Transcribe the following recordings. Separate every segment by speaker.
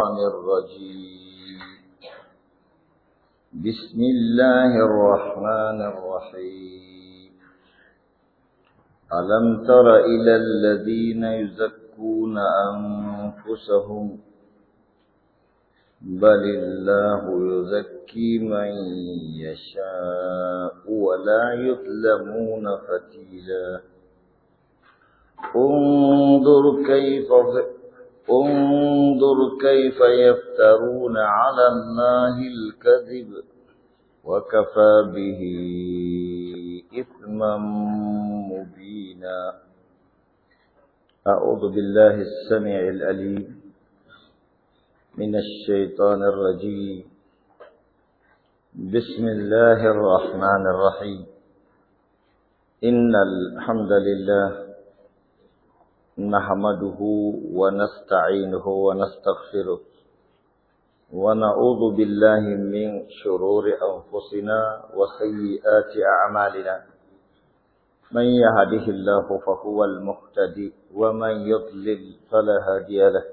Speaker 1: الشيطان الرجيم بسم الله الرحمن الرحيم ألم تر إلى الذين يزكون أنفسهم بل الله يزكي من يشاء ولا يظلمون فتيلا انظر كيف انظر كيف يفترون على الله الكذب وكفى به إثما مبينا أعوذ بالله السميع الأليم من الشيطان الرجيم بسم الله الرحمن الرحيم إن الحمد لله نحمده ونستعينه ونستغفره ونعوذ بالله من شرور أنفسنا وسيئات أعمالنا من يهده الله فهو المهتدي ومن يضلل فلا هادي له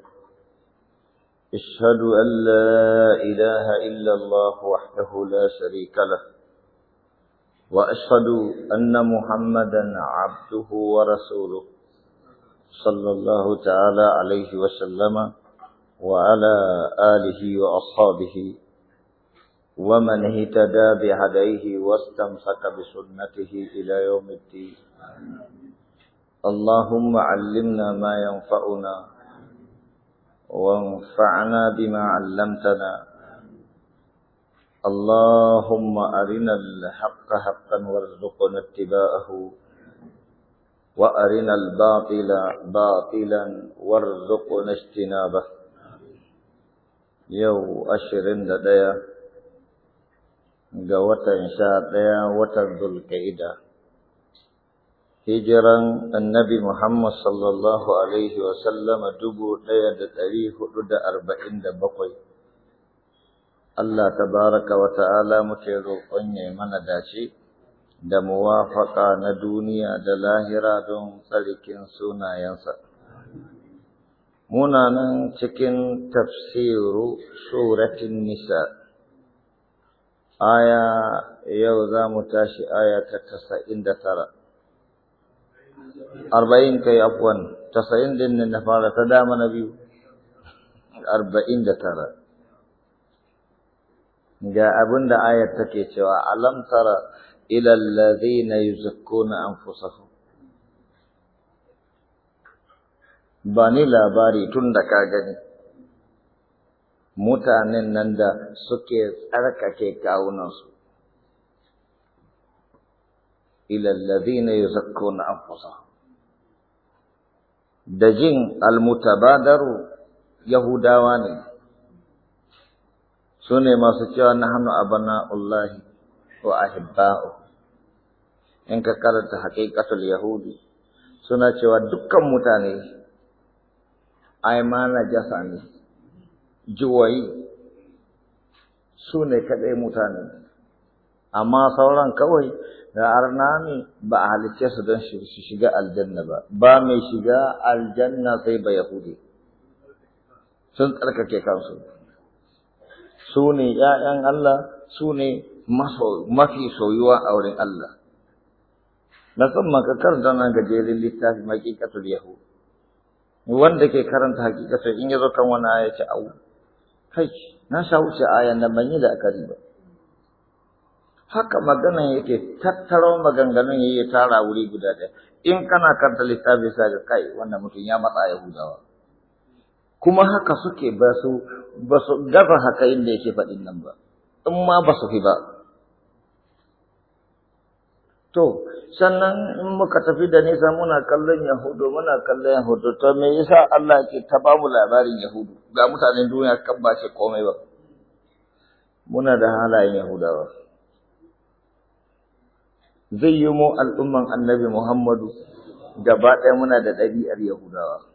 Speaker 1: اشهد أن لا إله إلا الله وحده لا شريك له وأشهد أن محمدا عبده ورسوله صلى الله تعالى عليه وسلم وعلى آله وأصحابه ومن اهتدى بهديه واستمسك بسنته إلى يوم الدين اللهم علمنا ما ينفعنا وانفعنا بما علمتنا اللهم أرنا الحق حقا وارزقنا اتباعه ba وأرنا الباطل باطلا ba. Yau, ashirin da ɗaya ga watan sha ɗaya watan zulka'ida hijiran annabi Muhammad sallallahu alaihi wa sallama dubu ɗaya da ɗari hudu da arba'in da bakwai Allah tabaraka wa ta'ala muke roƙon ya mana dace da muwafaka na duniya da lahira don tsarkin sunayensa. Muna nan cikin tafsiru suratin nisa, aya yau za mu tashi aya ta tasa'in da tara. Arba'in kai afwan, tasa'in din na fara ta dama na biyu, arba'in da tara. Ga abin da ayar take cewa alam tara إلى الذين يزكون أنفسهم bani labari tun da ka gani mutanen nan da suke tsarkake kawunansu ilallazina yuzakkuna anfusahum da jin almutabadaru yahudawa ne su ne masu cewa nahnu abana ullahi Wa ahibba'u. in ka karanta hakikatul yahudi suna cewa dukkan mutane ai jasa ne juwai, sune kadai mutane amma sauran kawai da arnani ne ba a halicce su don shi shiga aljanna ba ba mai shiga aljanna sai ba yahudi sun tsarkake kansu su ne ‘ya'yan Allah su ne mafi soyuwa a wurin Allah. Na san makakar da na gajerin littafi makikatul yahu. Wanda ke karanta hakikatul in ya zo kan wani aya ce au. Kai, na sha wuce ayan nan ban yi da akari ba. Haka magana yake tattaro maganganun yayi tara wuri guda ɗaya. In kana karanta littafi sai ga kai wannan mutum ya matsa Yahudawa. Kuma haka suke ba su ba su gaza haka inda yake faɗin nan ba. In ma ba su fi ba. To, sannan in muka tafi da nisa muna kallon Yahudu, muna kallon Yahudu, to me yasa Allah ke ta babu labarin Yahudu, ga mutanen duniya kan ba ce komai ba. Muna da halayen Yahudawa. Zai yi mu al'umman annabi Muhammadu, gaba ɗaya muna da ɗabi'ar Yahudawa,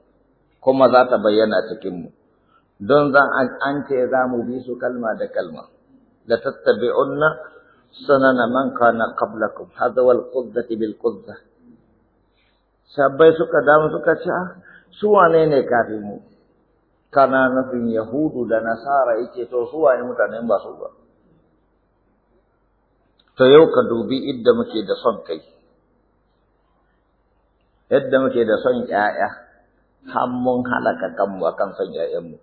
Speaker 1: kuma za ta bayyana mu don zan an ce za mu bi su kalma da kalma, da tattabi'unna سنن من كان قبلكم quddati bil quddah sabai suka damu suka ce su wane ne kafin mu kana nufin yahudu da nasara yake to su wane mutane ba su ba to yau ka dubi idda muke da son kai yadda muke da son ƴaƴa har mun halaka kanmu akan son Mu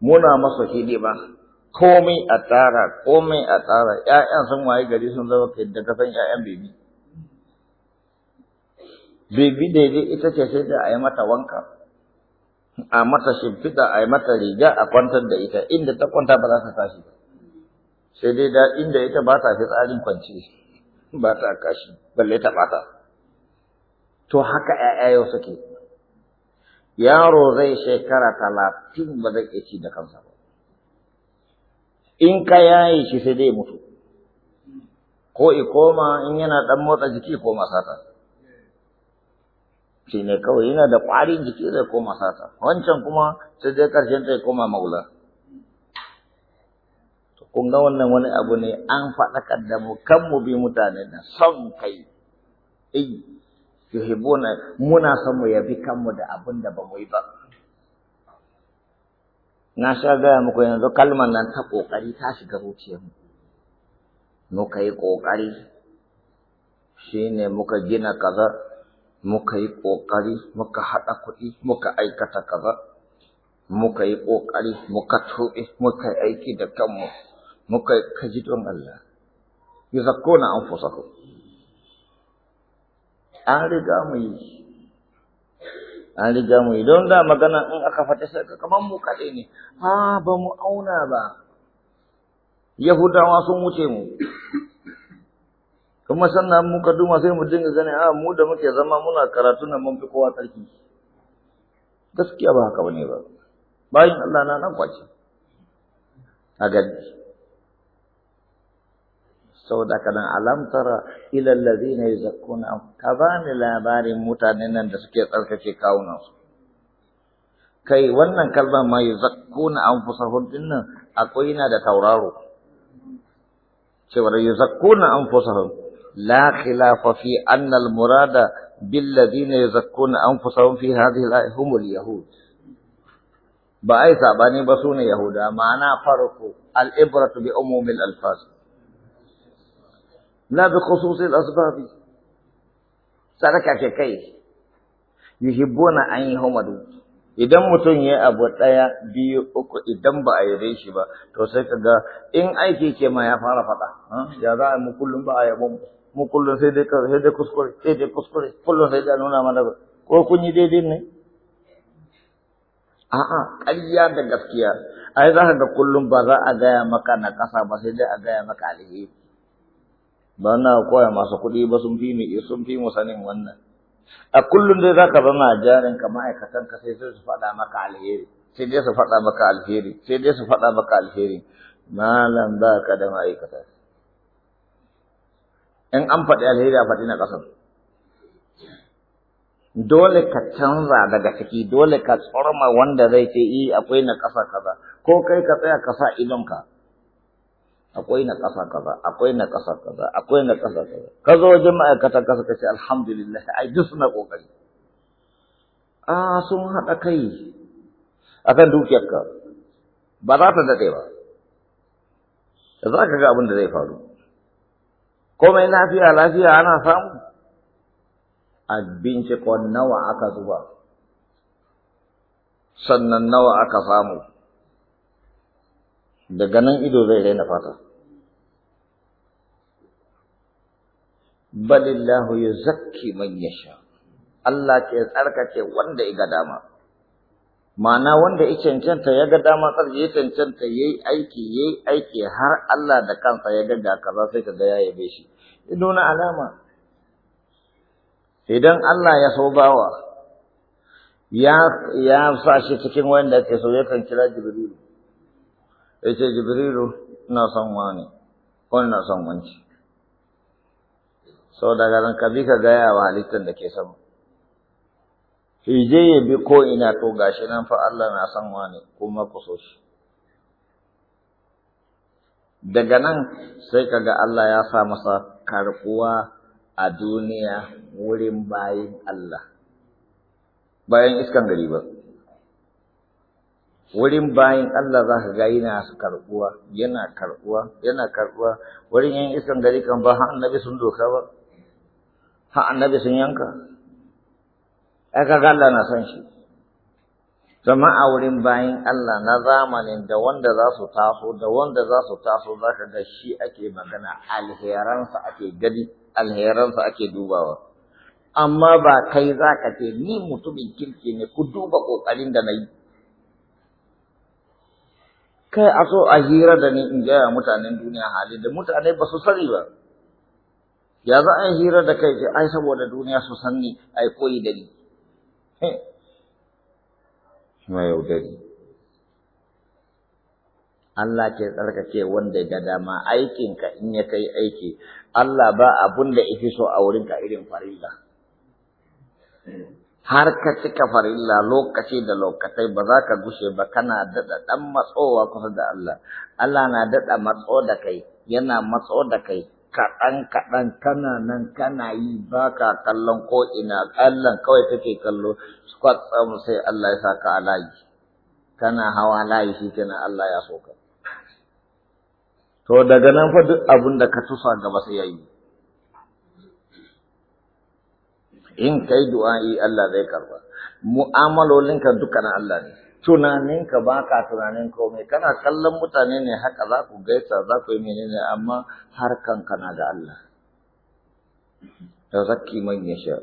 Speaker 1: muna masa hidima komai a tsara komai a tsara ƴaƴan sun waye gari sun zama kai da kasan ƴaƴan bibi da dai ita ce sai da a yi mata wanka a mata shimfiɗa a yi mata riga a kwantar da ita inda ta kwanta ba za ta tashi ba sai dai da inda ita ba ta fi tsarin kwance ba ta kashi balle ta bata to haka ƴaƴa yau suke yaro zai shekara talatin ba zai iya ci da kansa ba in ka yaye shi sai dai mutu ko i koma in yana dan motsa jiki ko masata shi ne kawai yana da ƙwarin jiki zai koma sata wancan kuma sai dai ƙarshen zai koma maula kun ga wannan wani abu ne an faɗakar da mu kan mu bi mutane na son kai eh muna son mu yabi kanmu da abin da ba mu yi ba na sha gaya muku yanzu kalmar nan ta ƙoƙari ta shiga zuciyarmu muka yi ƙoƙari shi ne muka gina kaza muka yi ƙoƙari muka haɗa kuɗi muka aikata kaza muka yi ƙoƙari muka tuɓe muka yi aiki da kanmu muka yi kaji don Allah fusa ku an riga mu yi an riga mu idan da magana in aka fata sai ka kaman mu kaɗai ne a ba auna ba yahudawa sun wuce mu kuma sannan muka duma sai mu dinga ganin a ah, mu da muke zama muna karatu na mun fi kowa tsarki gaskiya ba haka bane ba bayan Allah na nan kwace a سودا كدن علم ترى إلى الذين يزكون كبان لا باري موتا نينن دسكي تلك في كاونس كي ونن كلمة ما يزكون أنفسهم دينن أكوين هذا تورارو شوارا يزكون أنفسهم لا خلاف في أن المراد بالذين يزكون أنفسهم في هذه الآية هم اليهود بأي ثاباني بسون يهودا معنى فرق الإبرة بأموم الألفاظ لا بخصوص الأسباب سرك كي يحبون أن يهمدوا idan mutum ya abu ɗaya biyu uku idan ba a yi shi ba to sai ka ga in aiki ke ma ya fara faɗa ya za a mu kullum ba a yabo mu kullum sai dai sai dai kuskure sai dai kuskure kullum sai dai nuna mana ko kun yi daidai ne a'a ƙarya da gaskiya ai za ka ga kullum ba za a gaya maka na ƙasa ba sai dai a gaya maka alheri ba na koya masu kuɗi ba sun fi mu sun fi mu sanin wannan a kullum dai zaka ba a jarin ka ma'aikatan ka sai su faɗa maka alheri sai dai su faɗa maka alheri sai dai su faɗa maka alheri malam ba ka da ma'aikata in an faɗi alheri a faɗi na ƙasar dole ka canza daga ciki dole ka tsorma wanda zai ce i eh, akwai na ƙasa kaza ko kai ka tsaya ka sa idonka akwai na ƙasa kaza akwai na ƙasa kaza akwai na ƙasa kaza ka zo wajen ma'aikatan ƙasa ka ce alhamdulillah ai duk suna ƙoƙari a sun haɗa kai akan dukiyarka ba za ta daɗe ba za ka ga abin da zai faru komai lafiya lafiya ana samu a bincikon nawa aka zuba sannan nawa aka samu daga nan ido zai daina fata balillahu yuzakki man yasha Allah ke tsarkake wanda ya ga dama ma'ana wanda ya cancanta ya ga dama tsarki ya cancanta yayi aiki yayi aiki har Allah da kansa ya ga kaza sai ka gaya ya yabe shi ido na alama idan Allah ya so bawa ya sa shi cikin wanda ke so ya kan kira Jibrilu ya ce jibrilu ina son wani Wani na son wanci sau daga nan ka bi ka gaya wa halittar da ke sama je ya bi ko ina to gashi nan fa Allah na son wani kuma ku so shi daga nan sai ka ga Allah ya sa masa karkuwa a duniya wurin bayin Allah bayan iskan gari ba wurin bayan Allah za ka ga yana karɓuwa yana karɓuwa yana karɓuwa wurin yan iskan gari kan ba har annabi sun doka ba har annabi sun yanka ai ka ga Allah na son shi zama a wurin bayan Allah na zamanin da wanda za su taso da wanda za su taso za ka ga shi ake magana alheransa ake gadi alheransa ake dubawa amma ba kai za ka ce ni mutumin kirki ne ku duba ƙoƙarin da na yi kai a so a hira da ni in gaya mutanen duniya hali da mutane ba su sani ba ya za a hira da kai ai saboda duniya su san ni ai koyi da ni ma ni. Allah ke tsarkake wanda ga dama aikinka in ya kai aiki, Allah ba abunda da fi so a ka irin farilla. har ka cika farilla lokaci da lokatai ba za ka gushe ba kana daɗa ɗan matsowa kusa da Allah. Allah na daɗa matso da kai, yana matso da kai, kaɗan kaɗan kana nan kana yi ba ka kallon ko ina kallon kawai kake kallo, kwatsam sai Allah ya sa ka a Kana hawa layi shi kenan Allah ya so To daga nan fa duk abin da ka tusa gaba sai ya yi. in kai du'a'i Allah zai karba mu'amalolinka na Allah ne tunaninka ba ka tunanin komai kana kallon mutane ne haka za ku gaisa za ku yi menene amma harkan na da Allah zaki manyan yasha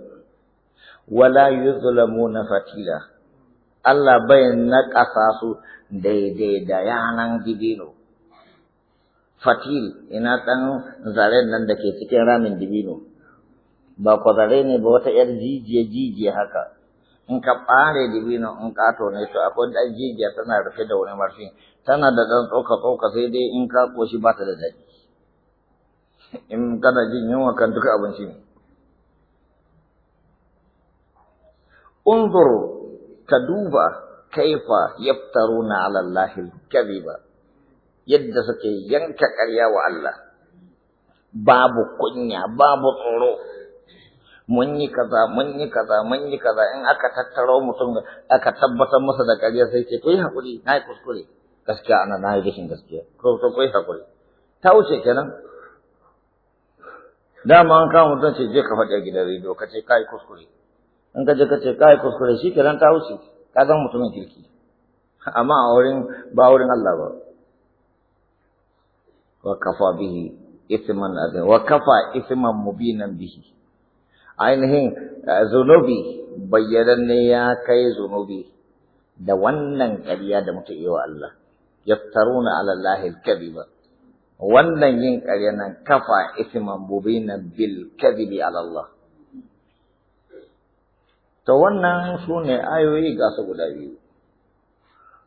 Speaker 1: wala na fatila Allah bai na ƙasa su daidai da yanan dibino fatil ina ɗan zaren nan da ke cikin ramin dibino ba zare ne ba wata yar jijiya jijiya haka in ka ɓare dibino in ƙato ne to akwai ɗan jijiya tana rufe da wani marfi tana da ɗan tsoka tsoka sai dai in ka ƙoshi ba ta da daɗi in kana jin yunwa kan duka abinci ne unzur ka duba kaifa yaftaruna ala allahi kadhiba yadda suke yanka ƙarya wa Allah babu kunya babu tsoro mun yi kaza mun yi kaza mun yi kaza in aka tattaro mutum aka tabbatar masa da ƙarya sai ce kai hakuri na yi kuskure gaskiya ana na yi rashin gaskiya ko to kai hakuri ta wuce kenan dama an kama mutum ce je ka faɗi a gidan rediyo ka ce kai kuskure in ka je ka ce kai kuskure shi kenan ta wuce ka zama mutumin kirki amma a wurin ba wurin Allah ba wa kafa bihi isman azim wa kafa isman mubinan bihi ainihin eh, zunubi ne ya kai zunubi da wannan ƙarya da muke yi wa Allah yaftaruna ala lahil kadiba wannan yin ƙarya nan kafa isman bubina bil kadibi ala Allah to wannan sune ayoyi ga guda biyu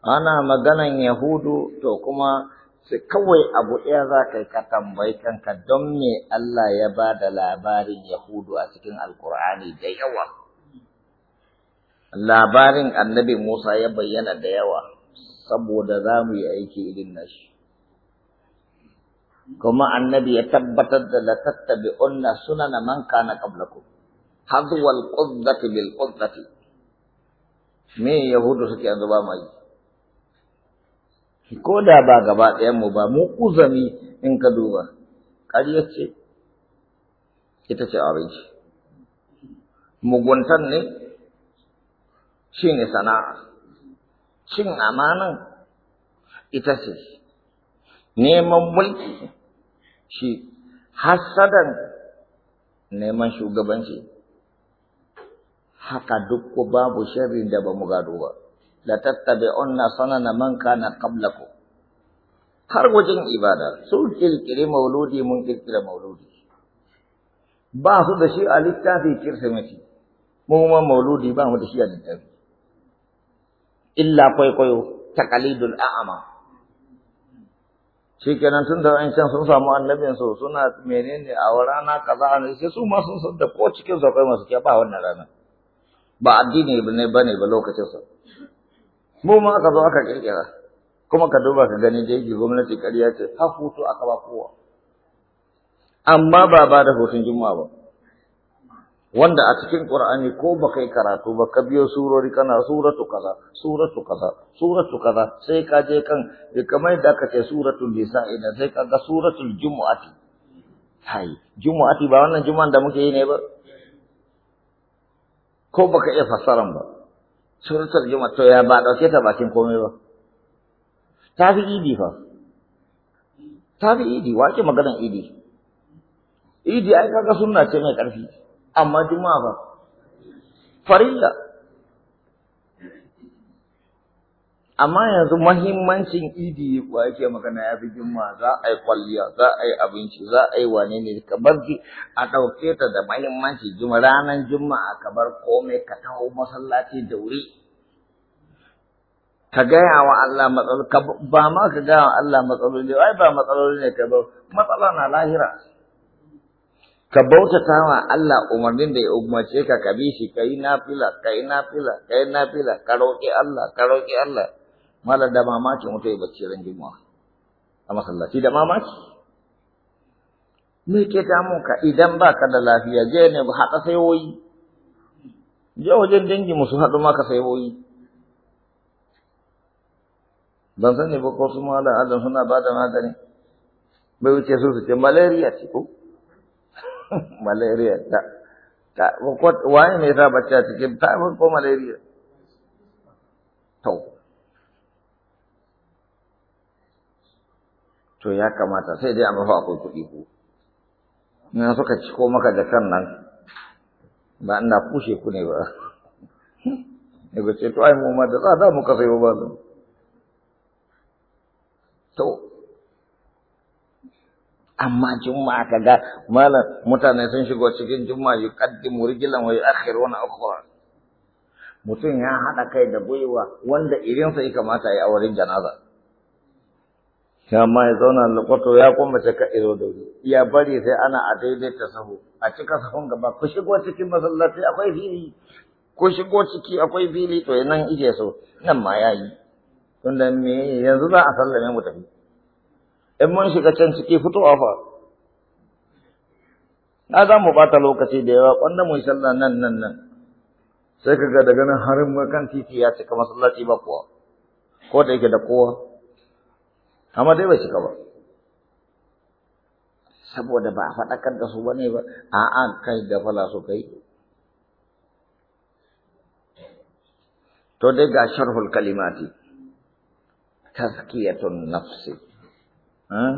Speaker 1: ana maganan yahudu to kuma sai kawai abu ɗaya za ka yi ka tambayi kanka don me Allah ya ba da labarin Yahudu a cikin Alƙur'ani da yawa. Labarin annabi Musa ya bayyana da yawa, saboda za mu yi aiki irin nashi. Kuma annabi ya tabbatar da latattabi onna na man kana qablakum hadwal quddati bil quddati me yahudu suke zuba ba mai ko da ba gaba ɗayanmu ba mu uzami in ka duba ƙaryar ce ita ce abinci muguntan ne shi ne sana'a cin amanan ita ce neman mulki shi hasadan neman shugabanci haka duk ku babu shirin da ba mu gado ba tattabi'unna sanana man kana qablakum har wajen ibada sun kirkiri mauludi mun kirkira mauludi ba su da shi a littafi kirsimeti mu ma mauludi ba mu da shi a littafi illa kwaikwayo taqalidul a'ama shi tun da an sun samu annabin su suna menene a rana kaza an sai su ma sun san da ko cikin zakai masu masu ba wannan rana ba addini ne bane ba lokacin sa mu ma aka zo aka kirkira kuma ka duba ka gani da yake gwamnati ƙarya ce ta hutu aka ba kowa amma ba ba da hutun juma'a ba wanda a cikin Qur'ani ko ba kai karatu ba ka biyo surori kana suratu kaza suratu kaza suratu kaza sai ka je kan kamar da ka ce suratul nisa ina sai ka ga suratul jumu'ati hai jumu'ati ba wannan juma'an da muke yi ne ba ko baka iya fassaran ba surutar juma to ya ba ɗauke ta bakin komai ba ta fi idi fa ta fi idi wake maganan idi idi ai kaga sunna ce mai ƙarfi amma juma'a ba farilla amma yanzu mahimmancin idi kuwa yake magana ya fi jimma za a yi kwalliya za a yi abinci za a yi wane ne ka bar ki a ɗauke ta da mahimmanci juma ranar juma'a ka bar komai ka taho masallaci da wuri ka gaya wa Allah matsaloli ba ma ka gaya wa Allah matsaloli ai ba matsaloli ne ka bar matsala na lahira ka bautata wa Allah umarnin da ya umarce ka ka bi shi yi nafila kai nafila kai nafila ka roƙi Allah ka roƙi Allah malam da mamaki mutum ya bacci ran juma'a a masallaci da mamaki me ke damun ka idan baka da lafiya je ne ba haka sai woyi. je wajen dangi musu haɗu maka woyi. ban sani ba ko su malam adam suna ba da magani bai wuce su su ce malaria ce ko malaria ta ta waye mai sa bacci a cikin ta ko malaria to to ya kamata sai dai a mafi akwai kuɗi ku ina suka ciko maka da kan nan ba ina kushe ku ne ba ba ce to ai mu da tsada muka sayo ba to amma juma'a kaga malam mutane sun shigo cikin juma'a murgilan wai wa yu'akhiruna ukhra mutum ya hada kai da gwiwa wanda irinsa ya kamata ya yi wurin janaza ya ma ya zauna lokwato ya kumbace ka iro da wuri ya bari sai ana a daidaita sahu a cika sahun gaba ku shigo cikin masallaci akwai fili ku shigo ciki akwai fili to nan ije so nan ma ya yi tunda me yanzu za a sallame mu tafi in mun shiga can ciki fito a fa na za mu bata lokaci da yawa kwanda mu sallah nan nan nan sai kaga daga nan harin kan titi ya cika masallaci ba kuwa ko da yake da kowa amma dai bai shi ba saboda ba a faɗakar da su ba ne ba a'a kai fala su kai to dai ga sharhul kalimati tazkiyatun nafsi hmm?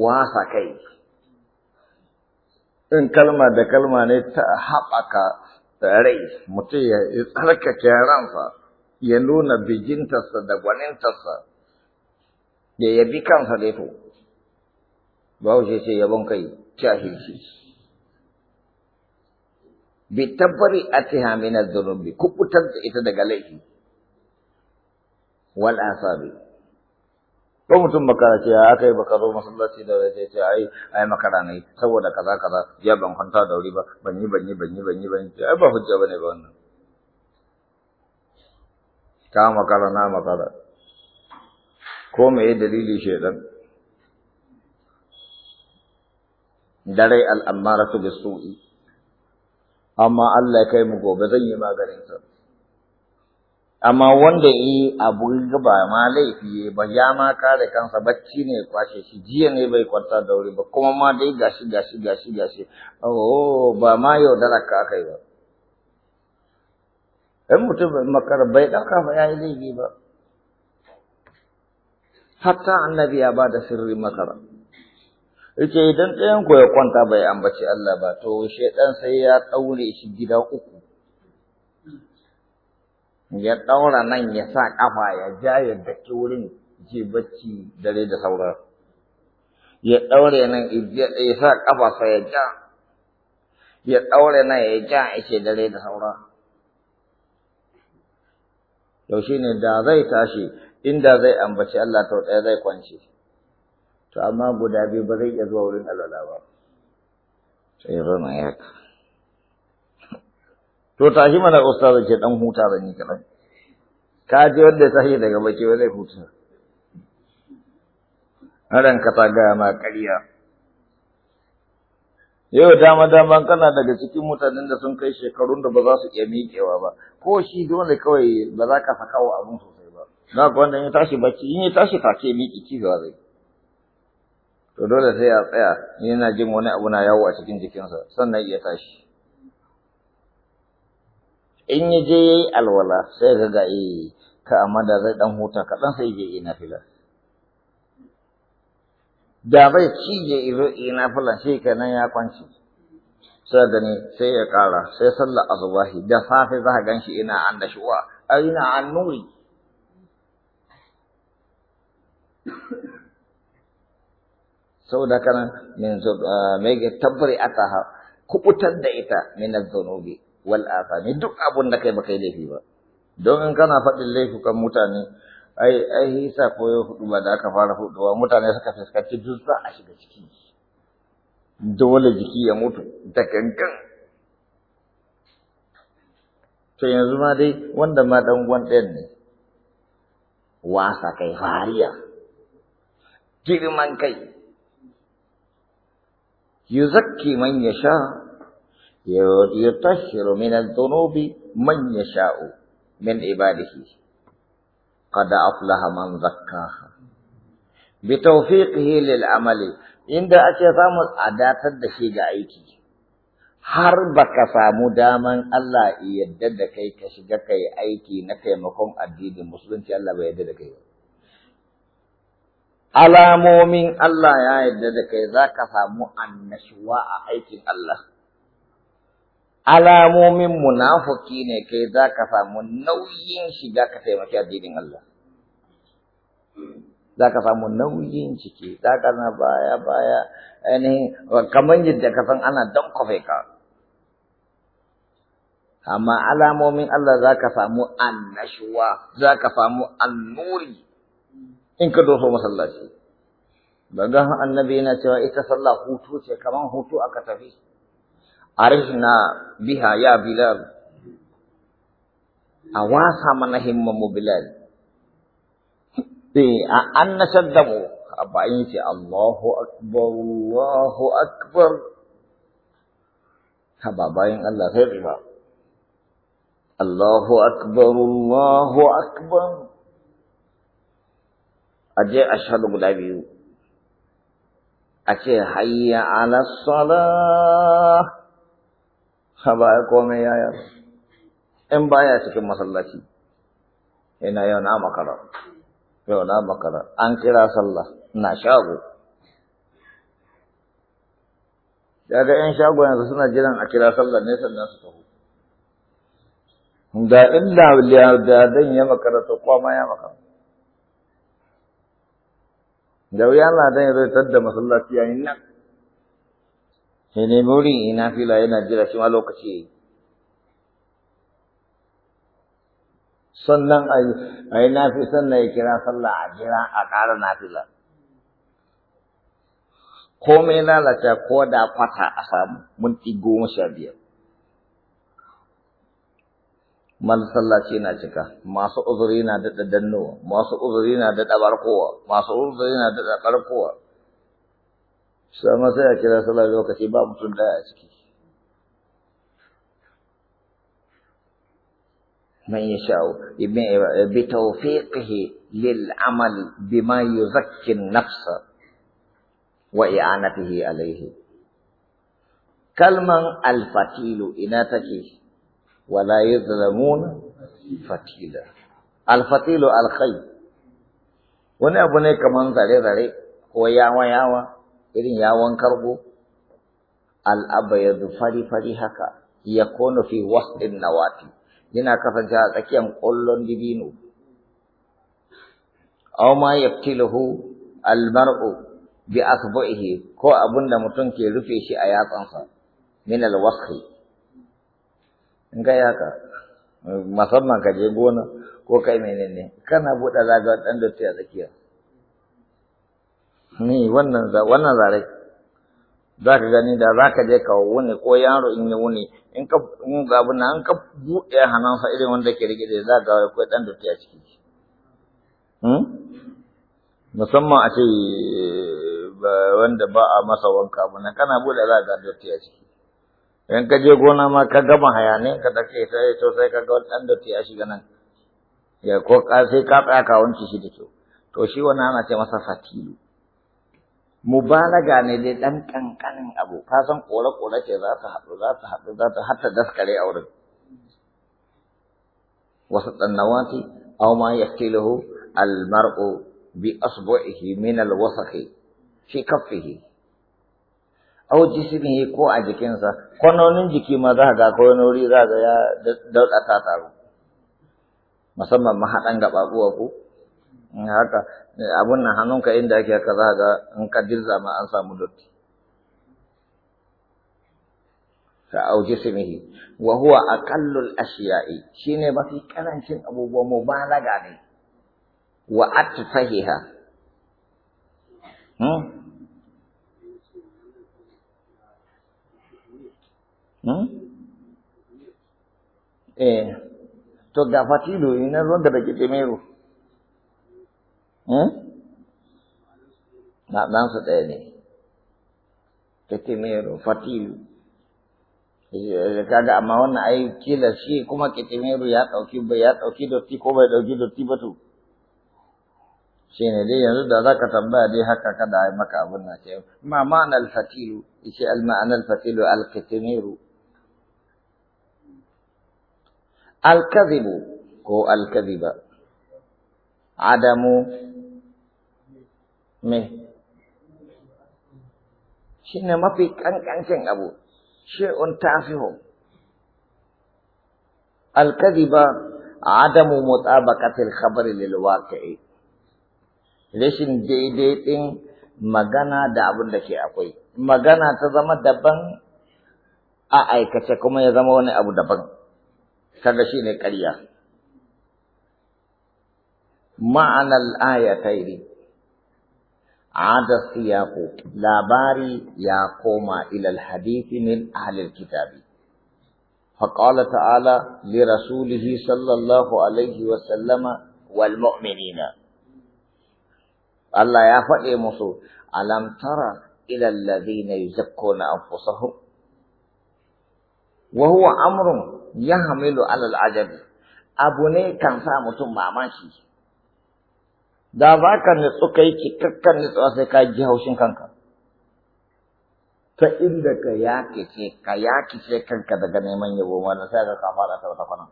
Speaker 1: wasa kai in kalma da kalma ne ta haɓaka rai mutum ya tsarkake ransa ya nuna bijintarsa da gwanintarsa da ya bi kansa dai to bahaushe ce yabon kai ta jahilci bi tabbari atiha min adh-dhunubi kubutar da ita daga laifi wal asabi ko mutum makara ce a akai baka zo masallaci da wai ce ai ai makara ne saboda kaza kaza ya ban kwanta da wuri ba ban yi ban yi ban yi ban yi ban yi ai ba hujja bane ba wannan ka makara na makara ko me dalili shaidan dare al'ammaratu bisu'i amma Allah ya kai mu gobe zan yi maganin sa amma wanda yi abu ba ma laifi ba ya ma kare kansa bacci ne kwashe shi jiya ne bai kwanta da wuri ba kuma ma dai gashi gashi gashi gashi oh ba ma yaudara ka kai ba in mutum makar bai dauka ba yayi yi laifi ba hatta annabi ya bada sirri makara yace idan ɗayan ku ya kwanta bai ambaci Allah ba to shedan sai ya daure shi gida uku ya daura nan ya sa kafa ya ja ya daki wurin je bacci dare da saura ya daure nan ya sa kafa sai ya ja ya daure nan ya ja ce dare da saura yaushe ne da zai tashi inda zai ambaci Allah ta wata zai kwanci. to amma guda biyu ba zai iya zuwa wurin alwala ba sai rana ya ka to tashi mana ustaz ce dan huta ba ni kadan ka ji wanda tashi daga baki ba zai huta Harin ka ta ga ma kariya yau dama dama kana daga cikin mutanen da sun kai shekarun da ba za su iya miƙewa ba ko shi dole kawai ba za ka saka wa abin sosai Na ku wanda ya tashi bacci in ya tashi kake miki kiwa zai to dole sai ya tsaya yana jin wani abu na yawo a cikin jikinsa sannan ya tashi in ya je yayi alwala sai ga ga eh ka amma da zai dan huta kaɗan sai je yi nafila da bai cije izo ina eh, fulan shi kenan ya kwanci sai ne, sai ya ƙara sai sallar azubahi da safe za ka gan shi ina annashuwa ina annuri saboda kana min ah, mai tabbari ataha kubutar da ita min az wal afami duk abun da kai baka yi laifi ba don in kana faɗin laifukan mutane ai ai hisa ko ya hudu ba da aka fara huduwa mutane suka fuskanci duk za a shiga ciki dole jiki ya mutu da gangan to yanzu ma dai wanda ma dan gwan ɗayan ne wasa kai fariya girman kai yuzakki man yasha yutahhiru min adh-dhunubi man yasha'u min ibadihi qad aflaha man zakkaha bitawfiqihi lil amali inda ake samu adatar da shi ga aiki har baka samu daman Allah yadda da kai ka shiga kai aiki na taimakon addinin musulunci Allah bai yadda da kai ba alamomin Allah ya yarda da kai za ka samu annashuwa a aikin Allah. Alamomin munafuki ne kai za ka samu nauyin shiga ka taimaki addinin Allah. Za ka samu nauyin ciki, za ka na baya baya ainihin kamar yadda ka san ana don kwafai ka. Amma alamomin Allah za ka samu annashuwa, za ka samu annuri. in ka doso masallaci daga annabi yana cewa ita sallah hutu ce kaman hutu aka tafi arihna biha ya bilal a wasa mana mu bilal eh, a annashar da mu a bayan ce Allahu akbar Allahu akbar ha ba bayan Allah sai ba. Allahu akbar Allahu akbar a je a guda biyu a ce hayya ala sala ha ba ya komai yaya in baya cikin masallaci ina yau na makara yau na makara an kira sallah na shago daga yan shago yanzu suna jiran a kira sallah ne sannan su taho da inda da dan ya makara to kwama ya makara da wuya ladan ya zai tadda masallaci yayin nan sai ne muri ina fila yana jira shi ma lokaci yayi sannan a yi nafi sannan ya kira sallah a jira a ƙara nafila komai lalata ko da kwata a samu minti goma sha biyar sallaci na cika, masu uzuri na da danno, masu uzuri na da barkowa, masu uzuri na da barkowa. Sama sai a kira salar lokaci ba mutum ɗaya a ciki. Man yi sha'u, bi taufiƙihi lil amali bi ma yi zakkin nafsa wa i'anatihi alaihi. Kalman alfatilu ina take ولا يظلمون فتيلا الفتيل الخير wani abu ne kaman zare-zare ko yawa-yawa irin yawon kargo al'aba ya fari-fari haka ya kono fi wasɗin nawati yana kasance a tsakiyar ƙullon dibino aw ma yaktiluhu almar'u bi asbu'ihi ko abunda mutum ke rufe shi a yatsansa min alwasfi in ka yaka musamman ka je gona ko kai menene kana buɗe zaga ɗan dotti a tsakiya ni wannan wannan zare za ka gani da za ka je kawo wuni ko yaro in yi wuni in ka in ga abin nan ka buɗe hannunsa irin wanda ke rigide za ka gawa akwai ɗan dotti a ciki hmm? musamman a ce eh, wanda ba a masa wanka mana kana buɗe za ka ga dotti a ciki in ka je gona ma ka gama hayanai ka dace ta eh, to sai ka ga ɗan dotti a shiga nan ya ko ka sai ka tsaya ka wanke shi da kyau to shi ana ce masa fatilu mubalaga ne dai dan kankanin abu ka san kore kore ce za ta haɗu za ta haɗu za ta hatta daskare a wurin wasu aw ma yaktiluhu al mar'u bi asbu'ihi min al wasakhi fi kaffihi au ko a jikinsa kwanonin jiki ma za ga ko wani za ga ya dauɗa musamman taru musamman mahaɗan gaɓaɓuwa ko haka abun nan hannunka inda ake haka za ga in ka dirza ma an samu dotti ka au jismihi wa huwa aqallul ashiya'i shine mafi karancin abubuwa mubalaga ne wa atfahiha hmm? Eh, to ga fatilu na ruwan da baki temero. Eh? Na dan su ɗaya ne. Kete Ketemero, fatilu. Eh, kaga amma wannan ai kila shi kuma kete ketemero ya ɗauki bai ya ɗauki dotti ko bai ɗauki dotti ba to. Shi ne dai yanzu da za ka tambaya dai haka kada a yi maka abin na ce. Ma ma'anar fatilu, ishe al ma'anar fatilu al-ketemero. kete alkazibu ko Al-Kadhiba. adamu me shi ne mafi kankancin abu shi'un Al-Kadhiba. adamu mutabakatil khabari lil waqi'i rashin daidaitin magana da abin da ke akwai magana ta zama daban a aikace kuma ya zama wani abu daban kaga shine ƙarya ma'anal عاد ada لا labari ya koma إلى الحديث min أهل الكتاب فقال تعالى لرسوله صلى الله عليه وسلم والمؤمنين الله يا فدي مصر ألم ترى إلى الذين يزكون أنفسهم وهو أمر ya hamilu alal ajabi abu ne kan sa mutum mamaki da ba ka nutsu kai cikakken nutsuwa sai ka ji haushin kanka ta inda ka ce, ka ce kanka daga neman yabo mana sai ka kafa ta wata kwanan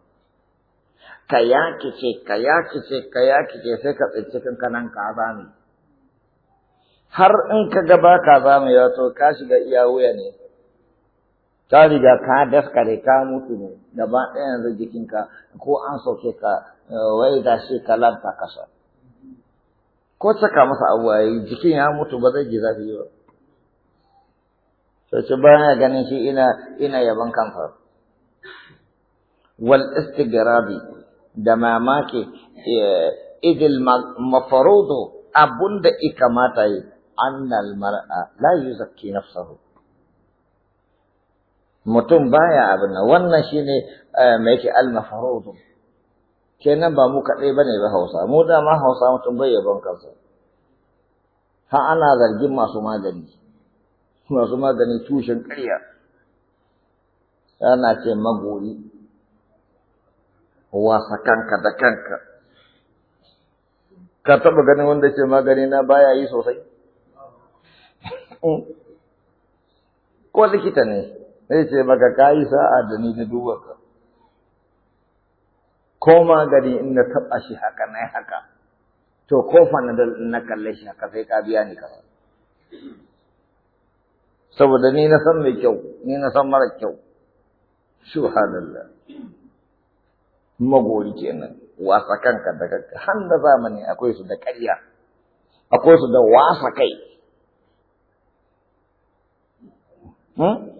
Speaker 1: ka ce, ka ce, ka ce, sai ka tsinci kanka nan ka zame har in ka gaba ka zame ya to ka shiga iya wuya ne ka riga ka daskare ka mutu ne gaba ɗaya yanzu jikinka ko an sauke ka eh, wai da shi ka lanta kasa ko caka masa abu a jikin ya mutu ba zai ji zafi ba sai baya ganin shi ina ina yaban kansa wal istigrabi da mamaki eh, idil mafarudu abunda ikamata yi annal mar'a la yuzakki nafsahu mutum baya abin nan wannan shine eh, mai ke al-mafarudu kenan ba mu kaɗai bane ba Hausa mu da ma Hausa mutum bai yabon kansa ha ana zargin masu magani masu magani tushen ƙarya ana ce magori wasa kanka da kanka ka taɓa ganin wanda ce magani na baya yi sosai ko likita ne sai ce maka kayi sa'a da ni da duba ka koma gari in na taɓa shi haka na haka to ko na in na kalle shi haka sai ka biya ni kaza saboda ni na san mai kyau ni na san mara kyau subhanallah magori kenan wasa kanka da kanka har da zamani akwai su da ƙarya akwai su da wasa kai hmm?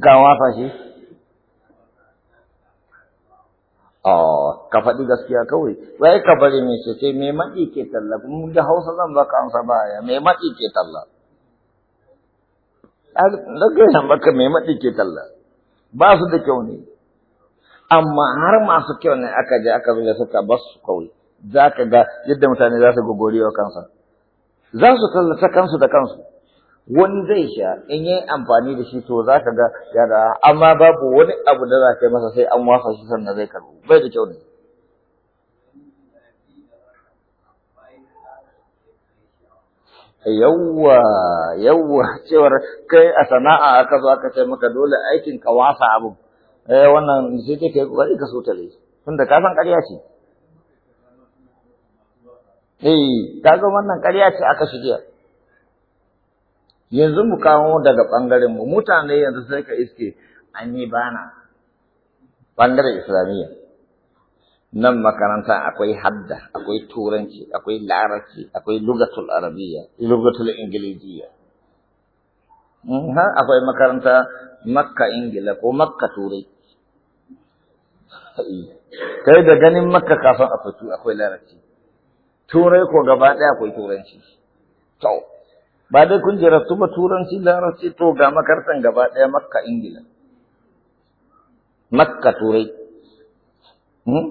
Speaker 1: ka wasa shi ka faɗi gaskiya kawai wai ka bari mai ce sai mai maɗi ke talla kuma da hausa zan baka amsa baya mai maɗi ke talla daga baka mai maɗi ke talla ba su da kyau ne amma har masu kyau ne aka je aka zuwa suka bas su kawai za ka ga yadda mutane za su gogorewa kansa za su tallata kansu da kansu wani zai sha in yi amfani da shi to za ka ga yara amma babu wani abu da za ka yi masa sai an wasa shi sannan zai karbu bai da kyau ne yawwa yawwa cewar kai a sana'a aka zo aka ce maka dole aikin ka wasa abu eh wannan sai ce kai kokari ka so tale tunda ka san ƙarya ce eh kaga wannan ƙarya ce aka shige yanzu mu kawo daga ɓangaren mu mutane yanzu sai ka iske an yi bana ɓangaren islamiyya nan makaranta akwai hadda akwai turanci akwai larabci akwai lugatul arabiyya lugatul ingiliziya har akwai makaranta makka ingila ko makka turai kai da ganin makka kafin akwai akwai larabci turai ko gaba ɗaya akwai turanci to ba dai kun jarabtu ba turanci larabci to ga makartan gaba ɗaya makka ingila makka turai hmm?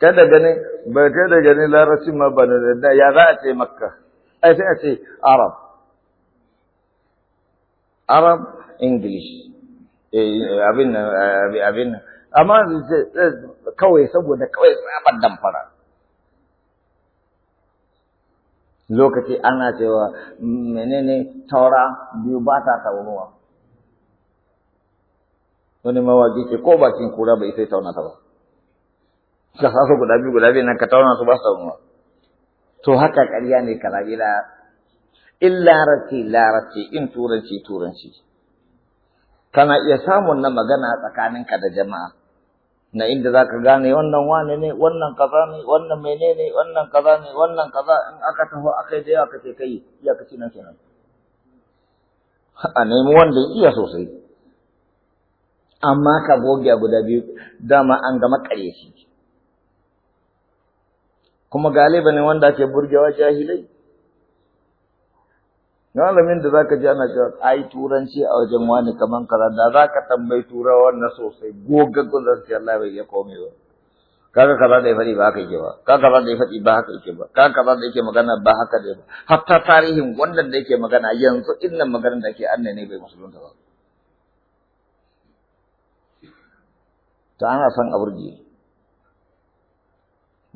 Speaker 1: kada gani ba kada gani larabci ma ba da ya za a ce makka ai sai a ce arab arab english eh, eh, abin abin amma eh, kawai saboda kawai tsabar damfara lokaci ana cewa menene taura biyu ba ta taunuwa wani mawaƙi ce ko bakin kura bai sai tauna ta ba ka sa su guda biyu guda biyu nan ka tauna su ba su taunuwa to haka ƙarya ne kala ila in larabci larabci in turanci turanci kana iya samun na magana tsakaninka da jama'a na inda za ka gane wannan wane ne wannan kaza ne wannan menene wannan kaza ne wannan kaza in aka taho aka yi da yawa ce kai iya ce nan nan a nemi wanda ya iya sosai amma ka goge guda biyu dama an gama ƙarye shi kuma galiba ne wanda ake burgewa jahilai malamin da zaka ji ana cewa ai turanci a wajen wani kaman kaza da zaka tambayi turawa na sosai goga zan sai Allah bai ya komai ba kaga kaza da ya faɗi ba haka yake ba kaga kaza da ya faɗi ba haka yake ba kaga kaza da yake magana ba haka da ba hatta tarihin wannan da yake magana yanzu innan maganar da ke annai ne bai ta ba ta ana san a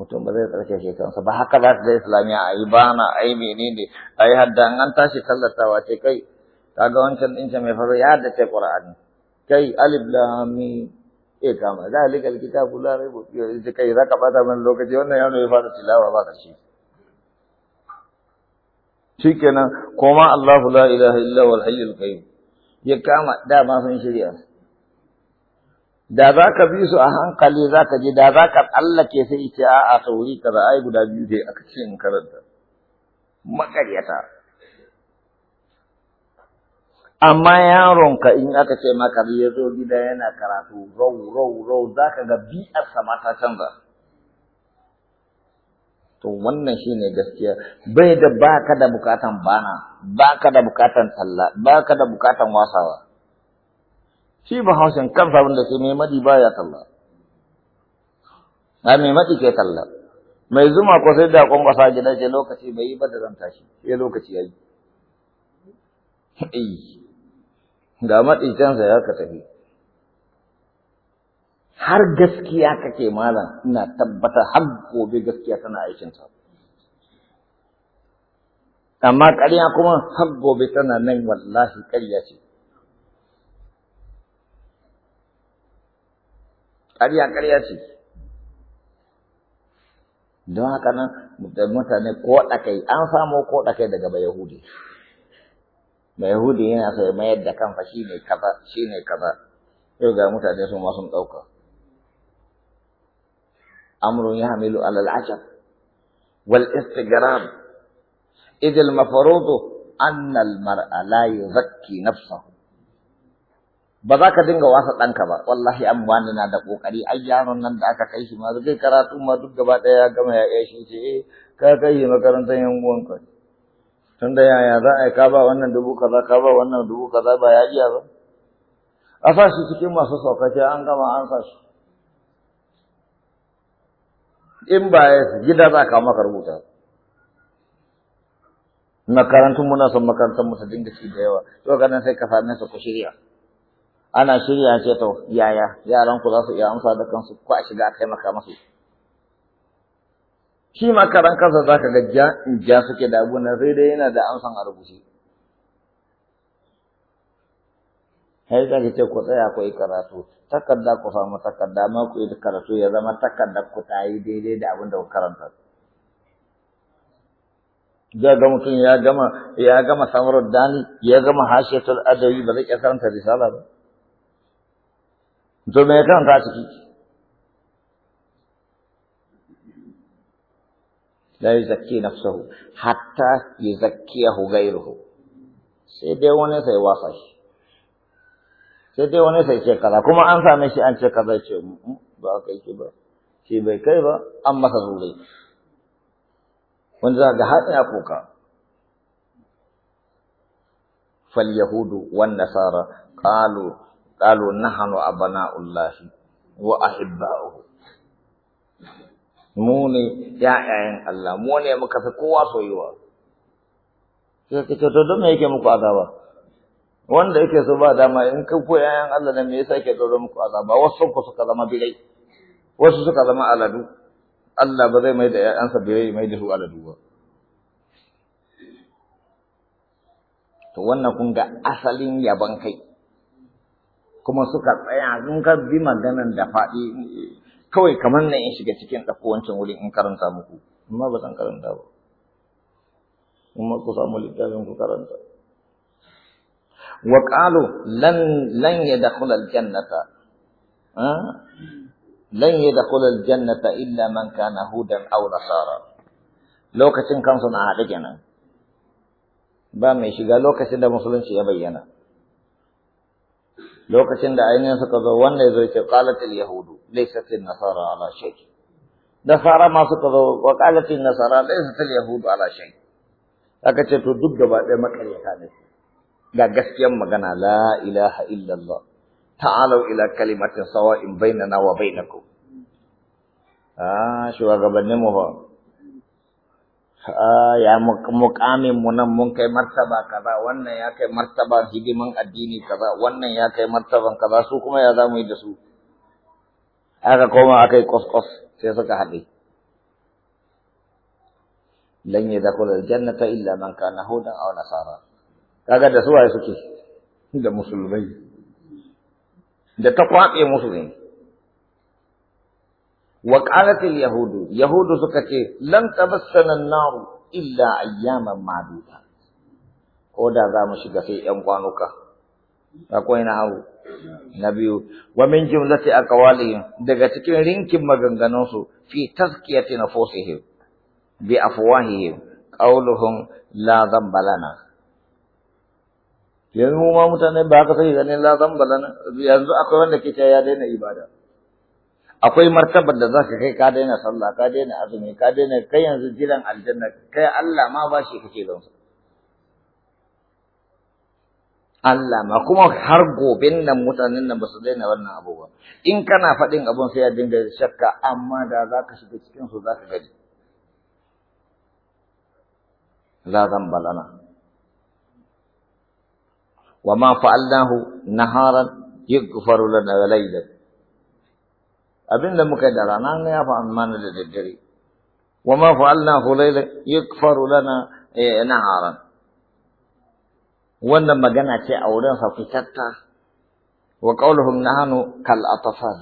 Speaker 1: mutum ba zai tsarkake kansa ba haka za su da islamiya a yi ba na a yi ne a yi haddan an tashi tallatawa ce kai ta ga wancan ɗin mai faru ya da ce ƙura'ani kai alif eh, kama za a kama likita alkitabu rai raiba fiye da kai ka bata mana lokaci wannan yano ya fara tilawa ba ka shi. shikenan koma Allahu la ilaha illa wal hayyul qayyum ya kama dama sun shirya da za ka bi su a hankali za ka je da za ka tsallake sai ce a a sauri ka za a yi guda biyu dai aka ce in karanta makaryata amma yaronka in aka ce maka ya zo gida yana karatu rau rau rau za ka ga bi'arsa ma ta canza to wannan shi ne gaskiya bai da baka da bukatan bana baka da bukatan talla baka da bukatan wasawa shi ba hausan kansa wanda sai mai madi baya kalla ba mai madi ke kalla mai zuma ko sai da kon kwasa gida ce lokaci bai yi ba da zan tashi ya lokaci yayi eh ga madi kansa ya ka tafi har gaskiya kake malam ina tabbata har gobe gaskiya tana aikin ta amma ƙarya kuma har gobe tana nan wallahi ƙarya ce ƙarya ƙarya ce don haka nan mutane ko ɗakai an samu ko ɗakai daga bai yahudi bai yahudi yana so ya mayar da kanfa ne kaza ne kaza yau ga mutane su masu ɗauka amrun hamilu alal ajab wal istigram idil mafarudu annal mar'a la yuzakki nafsahu ba za ka dinga wasa ɗanka ba wallahi an bani na da ƙoƙari ai yaron nan da aka kai shi ma zai karatu ma duk gaba ɗaya ya gama ya iya shi ce eh ka kai shi makarantar yan ka tun da yaya za a yi ka ba wannan dubu kaza ka ba wannan dubu kaza ba ya iya ba a sa shi cikin masu saukace an gama an sa shi in ba ya gida za ka maka rubuta makarantun muna son makarantar mu dinga ci da yawa to ganin sai ka sa su ku shirya ana shirya ce to yaya yaran ku za su iya amsa da kansu ko a shiga a taimaka masu shi ma karan kansa za ka ga ja in ja suke da abunan sai dai yana da amsan a rubuce sai za ce ku tsaya ku yi karatu takarda ku samu takarda ma ku yi karatu ya zama takarda ku ta yi daidai da abinda da ku karanta ga ga mutum ya gama ya gama samarar dani ya gama hashiyatul adawi ba zai iya karanta risala ba to me karanta ciki la yuzakki nafsuhu hatta yuzakkiyahu ghayruhu sai dai wani sai wasa shi sai dai wani sai ce kaza kuma an same shi an ce kaza ce mm, mm, ba kai ki ba shi bai kai ba an masa zurai wanda za ga har ina kuka fal yahudu wan nasara qalu قالوا نحن أبناء الله وأحباؤه mu ne 'ya'yan Allah, mu ne muka fi kowa soyuwa. Sai ka to don me yake muku azaba? Wanda yake so ba dama in ka ko ‘ya'yan Allah ne me yasa yake tsoro muku azaba? Wasu ku suka zama birai, wasu suka zama aladu. Allah ba zai mai da ‘ya'yansa birai mai da su aladu ba. To wannan kun ga asalin yaban kai. kuma suka tsaya in ka bi maganan da faɗi kawai kamar na in shiga cikin ɗauko wancan wurin in karanta muku amma ba zan karanta ba amma ku samu littafin ku karanta wa qalu lan lan yadkhul al jannata lan yadkhul al jannata illa man kana hudan aw nasara lokacin kansu na haɗe kenan ba mai shiga lokacin da musulunci ya bayyana lokacin da ainihin suka zo wanda ya zo ce qalatil yahudu laysatil nasara ala shay nasara ma suka zo wa qalatil nasara laysatil yahudu ala shay aka ce to duk gaba ɗaya makaryata ne ga gaskiyar magana la ilaha illallah ta'alau ila kalimatin sawa'in bainana wa bainakum ah shugabannin mu ba Ah, ya mukamin mu nan mun kai martaba kaza wannan ya kai martaba hidiman addini kaza wannan ya kai martaban kaza su kuma ya zamu yi da su aka koma aka yi kwaskwas sai suka haɗe lan kula jannata illa man kana hudan aw nasara kaga da suwaye suke da musulmai da ta kwaɓe musulmai wa qalatil yahudu yahudu suka ce lan tabassana an-nar illa ayyaman ma'duda ko da za mu shiga sai yan kwanuka akwai na hawo na biyu wa min jumlati aqwalihim daga cikin rinkin maganganun su fi tazkiyati nafsihi bi afwahihi qawluhum la dhanba lana yanzu ma mutane ba ka sai ganin la zan yanzu akwai wanda ke ya daina ibada akwai martabar da zaka kai ka daina sallah ka daina azumi ka daina kai yanzu jiran aljanna kai Allah ma ba shi kake don sa Allah ma kuma har gobin nan mutanen nan ba su daina wannan abu ba in kana faɗin abun sai ya dinga shakka amma da zaka shiga cikin su zaka gani la zamba balana wa ma fa'alnahu naharan yughfaru lana laylatan abinda muka yi da rana na ya fa'an mana da daddare wa ma fa'alna hulaila yakfaru lana naharan wannan magana ce a wurin sa fitatta wa qauluhum nahnu kal atfal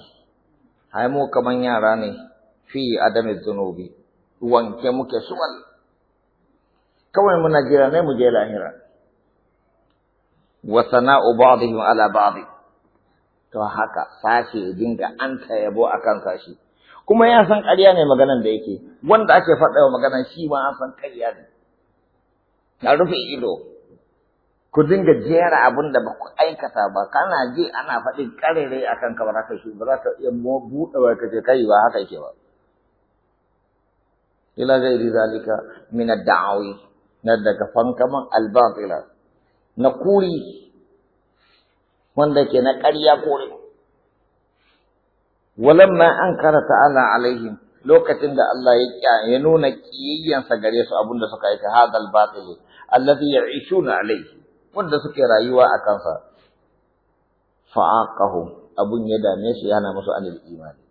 Speaker 1: ai mu kaman yara ne fi adami dhunubi wanke muke suwal kawai muna jira ne mu je lahira wa sana'u ba'dihim ala ba'dihim to haka sashe ya dinga an ta yabo akan kan sashi kuma ya san ƙarya ne maganan da yake wanda ake faɗa wa maganan shi ma an san ƙarya ne ka rufe ido ku dinga jera abin da ba ku aikata ba kana ji ana faɗin ƙarere a kan kamar haka shi ba za ka iya buɗe wa kace kai ba haka yake ba ila gairi zalika min ad-da'awi na daga fankaman al-batila na kuri wanda ke na ƙarya kore walamma an kara ta'ala alaihim lokacin da Allah ya nuna kiyayyansa gare su abinda suka aika hadal batil allazi ya'ishuna alaihi wanda suke rayuwa a kansa fa'aqahu abun ya dame su yana musu anil imani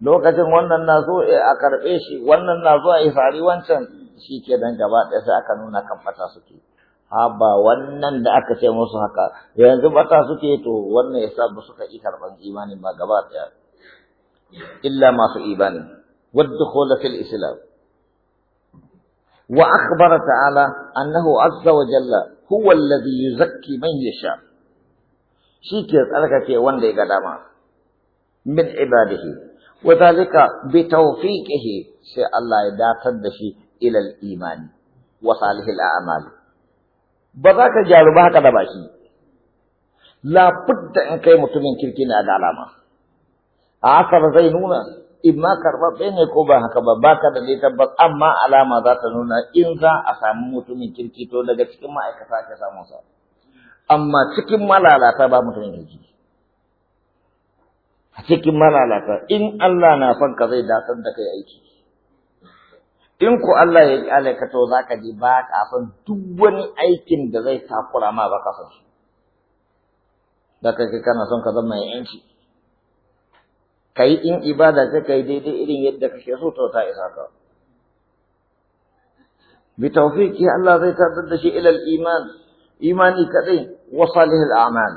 Speaker 1: lokacin wannan na zo eh, a karɓe shi wannan na zo a yi fari wancan shi ke dan gaba ɗaya sai aka nuna kan fata suke haba wannan da aka ce musu haka yanzu ba ta suke to wannan yasa ba suka yi karban imani ba gaba daya illa masu imani wadkhul fil islam wa akhbara ta'ala annahu azza wa jalla huwa alladhi yuzakki man yasha shi ke tsarkake wanda ya gada ma min ibadihi wa dhalika bi tawfiqihi sai Allah ya datar da shi ila al-imani wa salihil a'mali ba za ka gyaru ba haka da baki labudda in kai mutumin kirki ne da alama a asar zai nuna in ma bai ne ko ba haka ba ba ka da ne tabbas amma alama za ta nuna in za a samu mutumin kirki to daga cikin ma'aikata ake samun sa amma cikin malalata ba mutumin kirki a cikin malalata in Allah na son ka zai dasar da kai aiki in ku Allah ya kyale ka to zaka ji ba ka san duk wani aikin da zai takura ma ba ka san shi da kake kana son ka zama yanci kai in ibada ta kai daidai irin yadda kake so to ta isa ka bi tawfiqi Allah zai tabbatar da shi ilal iman imani kadai wa salihil a'mal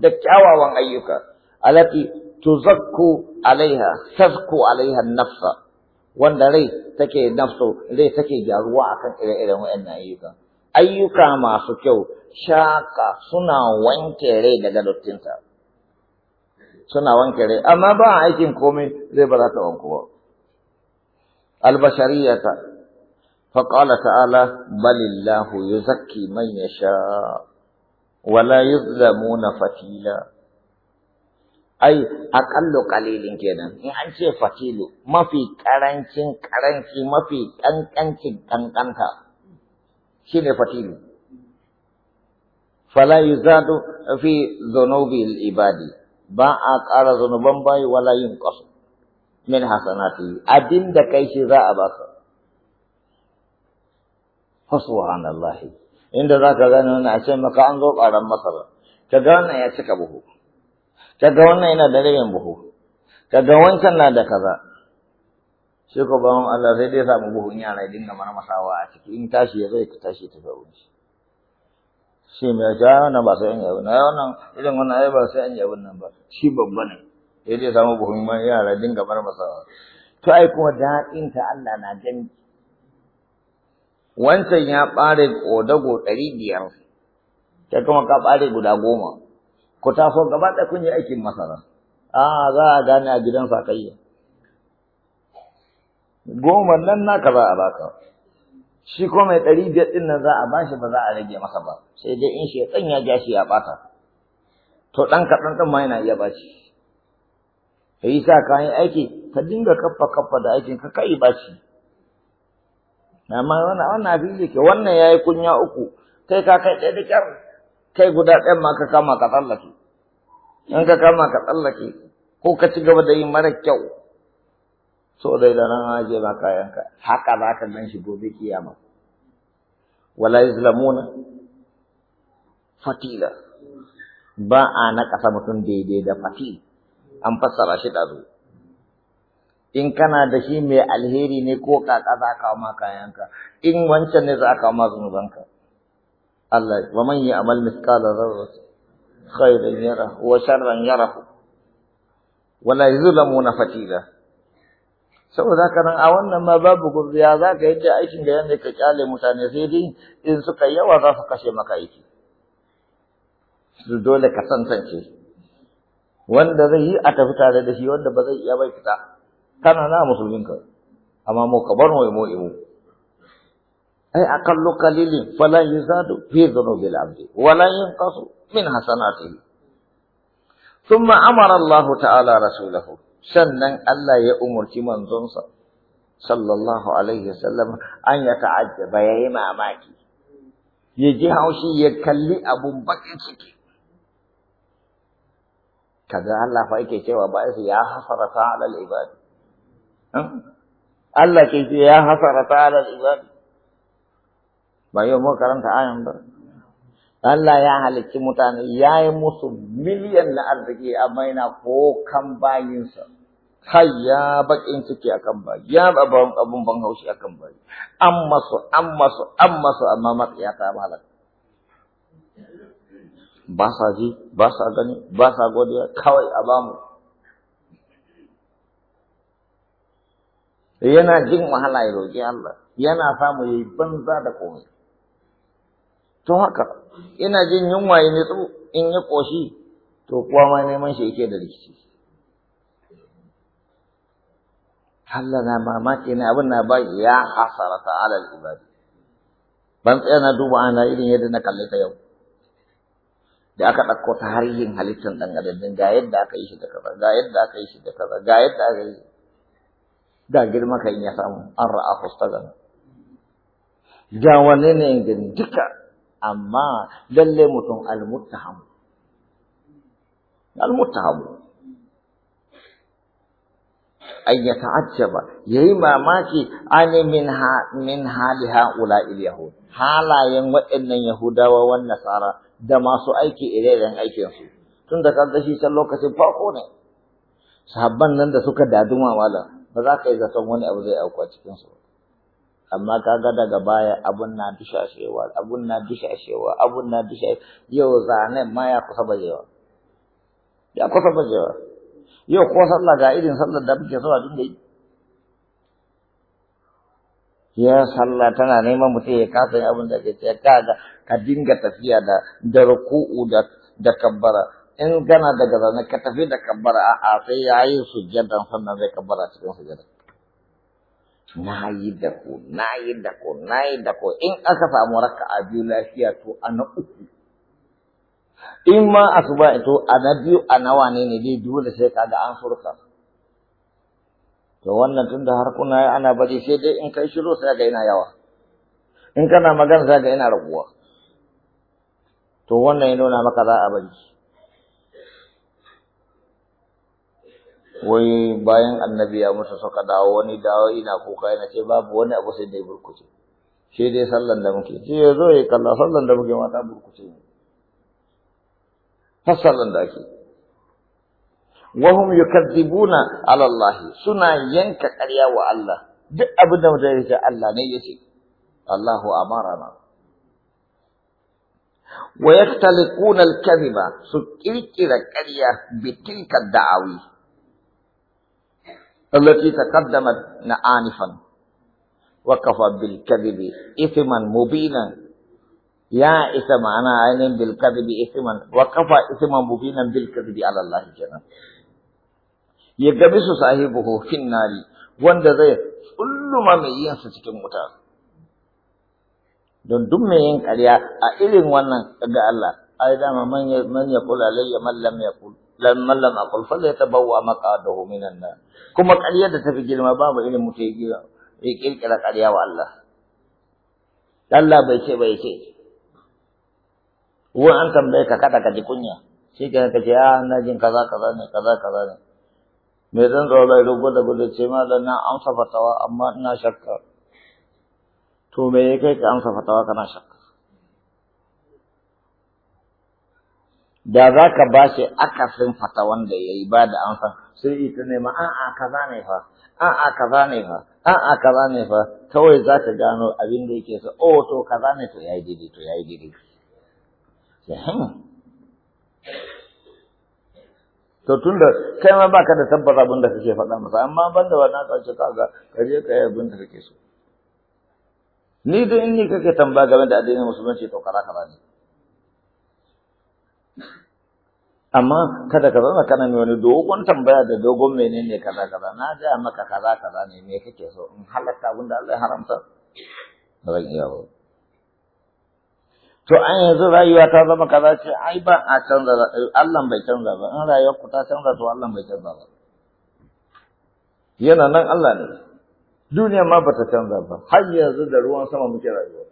Speaker 1: da kyawawan ayyuka alati tuzakku alaiha tazku alaiha nafsa wanda rai take nafsu rai take gyaruwa akan ire-iren waɗannan ayyuka ayyuka masu kyau shaka suna wanke rai daga dottinta suna wanke rai amma ba aikin komai zai ba za ta wanku ba albashariyata faqala ta'ala balillahu yuzakki man yasha wala yuzlamuna fatila أي أقل قليل كذا يعني شيء فقير ما في كرنشين كرنشي ما في كن كنشين كن كنها شيء فقير فلا يزاد في ذنوب العباد با أكار ذنوبهم باي ولا ينقص من حسناتي أدين دكاي شيء ذا فسبحان الله إن ذاك ذا نحن أشياء مكان على مصر كذا نحن أشياء kaga wannan yana da rabin buhu kaga wancan na da kaza shi ko bawon Allah sai dai samu buhun yara ya dinga masawa a ciki in tashi ya zai ka tashi ta ga wani shi mai ja wannan ba sai an yi abin wannan irin wannan ai ba sai an yi abin nan ba shi babba ne sai dai samu buhun yara dinga masawa!' to ai kuma daɗin ta Allah na gan wancan ya ɓare ƙodago ɗari biyar kai kuma ka ɓare guda goma ku taso gaba da kun yi aikin masara a za a gane a gidan sakayya goma nan naka za a baka shi ko mai ɗari biyar ɗin nan za a ba shi ba za a rage masa ba sai dai in shi ya ja shi ya ɓata to ɗan kaɗan ɗin ma yana iya bashi ka yi sa aiki ka dinga kaffa kaffa da aikin ka kai bashi amma wannan wannan abin ke wannan yayi kunya uku kai ka kai ɗaya da kyau. kai guda ɗayan ma ka kama ka tsallake in ka kama ka tsallake ko ka ci gaba da yi mara kyau so dai da nan aje ba kayanka haka za ka gan shi gobe kiyama wala yuzlamuna fatila ba a na ƙasa mutum daidai da fatil an fassara shi ɗazu in kana da shi mai alheri ne ko kaka za kawo ma kayanka in wancan ne za ka kawo ma zunubanka Allah wa man ya'mal mithqala dharratin khairan yarahu wa sharran wa la yuzlamuna fatila saboda kana a wannan ma babu gurbiya zaka yi yadda aikin da yanda ka kyale mutane sai dai in suka yawa za su kashe maka aiki su dole ka ce. wanda zai yi a tafi tare da shi wanda ba zai iya bai fita kana na musulmin ka amma mu ka bar mu mu ai aqallu qalilin fala yuzadu fi dhunubil abdi wala yanqasu min hasanatihi thumma amara Allah ta'ala rasulahu sannan Allah ya umurci manzonsa sallallahu alaihi wasallam an ya ta'ajjaba yayi mamaki ya ji haushi ya kalli abun bakin ciki kaga Allah fa yake cewa ba ya hasarata ala al-ibad Allah ke ce ya hasarata ala al-ibad ba yau mu karanta ayan ba Allah ya halicci mutane ya yi musu miliyan na arziki amma ko kan bayinsa har ya bakin ciki akan bayi ya babban abun ban haushi akan bayi an masu an masu an masu amma matsiya ta malaka ba sa ji ba sa gani ba sa godiya kawai a bamu yana jin wahala ya roƙi Allah yana samu yayi banza da komai to haka ina jin yunwa ya nitsu in yi ƙoshi to kuwa ma neman shi yake da rikici Allah na mamaki na abin na ba ya hasara ta alal ibadi ban tsaya na duba ana irin yadda na kalle ta yau da aka ɗauko ta har yin halittar ɗan adadin ga yadda aka yi shi da kaza ga yadda aka yi shi da kaza ga yadda aka yi da girma kan ya samu an ra'a fustagan ga wanne ne gani duka amma lalle mutum almuttahamu almuttahamu an ya ta'ajjaba yayi mamaki ani min ha min hali haula yahud halayen waɗannan yahudawa wan nasara da masu aiki ire-iren aikin su tun da kaga shi can lokacin farko ne sahabban nan da suka daduma wala ba za ka yi zaton wani abu zai auka cikin su amma kaga daga baya abun na dishashewa abun na dishashewa abun na dishashewa yau zanen ma ya kusa bajewa ya kusa bajewa yau ko sallah ga irin sallar da muke zuwa dinga yi ya sallah tana neman mutum ya kasa yin abin da ke ce kaga ka dinga tafiya da da ruku'u da da kabbara in gana daga zaune ka tafi da kabbara a'a sai yayi sujjadan sannan zai kabbara cikin sujjadan na yi da na yi da na yi da in aka samu a biyu lafiya to ana uku in ma asuba to ana biyu ana wane ne dai dole sai ka ga an furta. to wannan tun da har kuna ana bari sai dai in kai shiro sai ga ina yawa in kana magana sai ga ina raguwa to wannan ya nuna maka za a bari wai bayan annabi ya mutu suka dawo wani dawo ina kuka yana ce babu wani abu sai dai burkuce shi dai sallan da muke ce zo ya kalla sallan da muke mata burkuce ne fa sallan da ake Wa hum yukadzibuna ala Allah suna yanka ƙarya wa Allah duk abin da mutane yake Allah ne yace Allahu amarana wa yaktaliquna al-kadhiba su kirkira ƙarya bitinka da'awi التي تقدمت آنفا وكفى بالكذب إثما مبينا يا إثم أنا عين بالكذب إثما وكفى إثما مبينا بالكذب على الله جل يقبس صاحبه في النار وند زي كل ما ميين ستكون متاخر don duk mai yin ƙarya a irin wannan ga Allah ai dama man ya kula lalle man lam ya kula. lan mallam aqul fal yatabawwa maqadahu minan nar kuma ƙarya da tafi girma babu irin mutum ya gira ya kirkira ƙarya wa Allah Allah bai ce bai ce wa an tambaye ka kada ka ji kunya shi ke ka ce ah na jin kaza kaza ne kaza kaza ne me zan tsoro ya rubu da gudu ce ma na amsa fatawa amma ina shakka to me yake ka amsa fatawa kana shakka da za ka ba shi akasin fata wanda ya yi ba da amsa sai ita nema a'a kaza ne fa a'a kaza ne fa a'a kaza ne fa kawai za ka gano abin da yake so oh to kaza ne to yi daidai to yi daidai hmm. to da kai ma baka da tabbata abin da kake faɗa masa amma ban da wannan ka kaga ka je ka yi abin da kake so ni da in ni kake tambaya game da addinin musulunci to kaza kaza ne amma kada ka zama kana mai wani dogon tambaya da dogon menene kaza kaza na ga maka kaza kaza ne me kake so in halatta abin da Allah ya haramta ba zan iya ba to an yanzu rayuwa ta zama kaza ce ai ba a canza Allah bai canza ba in rayuwar ku ta canza to Allah bai canza ba yana nan Allah ne duniya ma bata canza ba har yanzu da ruwan sama muke rayuwa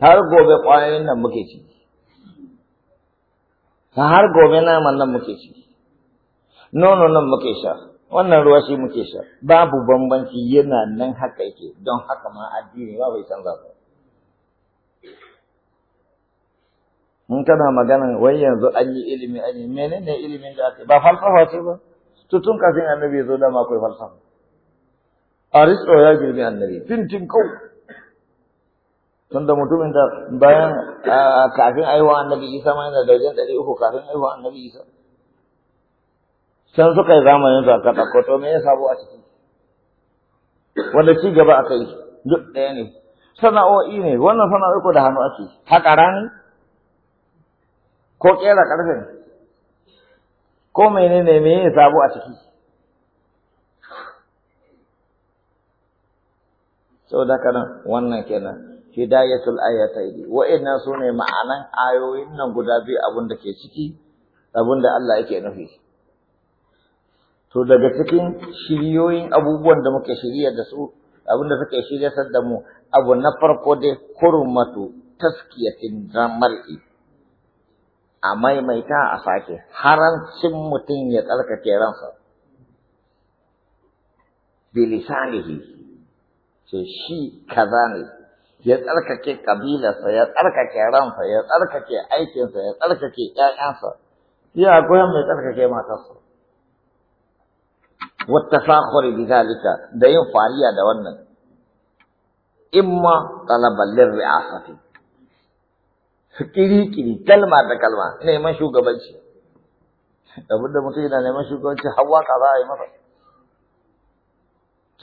Speaker 1: har gobe kwayoyin nan muke ci har gobe naman nan muke ci nono nan muke sha wannan ruwa shi muke sha babu bambanci yana nan haka yake don haka ma addini ba bai canza ba Mun kana magana wai yanzu an yi ilimi an yi menene ilimin da ake ba falsafa ce ba tutun kafin annabi ya zo da ma akwai falsafa aristo ya girbi annabi Tintin kau tunda mutumin da bayan kafin aiwa annabi isa ma yana da wajen ɗari uku kafin aiwa annabi isa can suka yi zamanin su aka ɗauko to me ya sabo a ciki wanda ci gaba aka yi duk ɗaya ne sana'o'i ne wannan sana'o'i ko da hannu ake haƙa rani ko ƙera ƙarfin ko menene me ya sabo a ciki saboda da nan wannan kenan hidayatul ayataini wa'annan sune ma'anan ayoyin nan guda biyu abin da ke ciki abin da Allah yake nufi to daga cikin shiriyoyin abubuwan da muke shirya da su abin da suke shiryatar da mu abu na farko dai hurmatu taskiyatin mar'i a maimaita a sake harancin mutum ya tsarkake ransa bilisanihi ce shi kaza ne ya tsarkake kabilarsa, ya tsarkake ransa, ya tsarkake aikinsa, ya tsarkake ƴaƴansa, ya goyon mai tsarkake matarsa. Wata sakwari bizalika da yin fariya da wannan, imma a ri’asafi, kiri-kiri, kalma da kalma, neman shugabanci, abinda mutum yana neman shugabanci, hawa ka za a yi masa.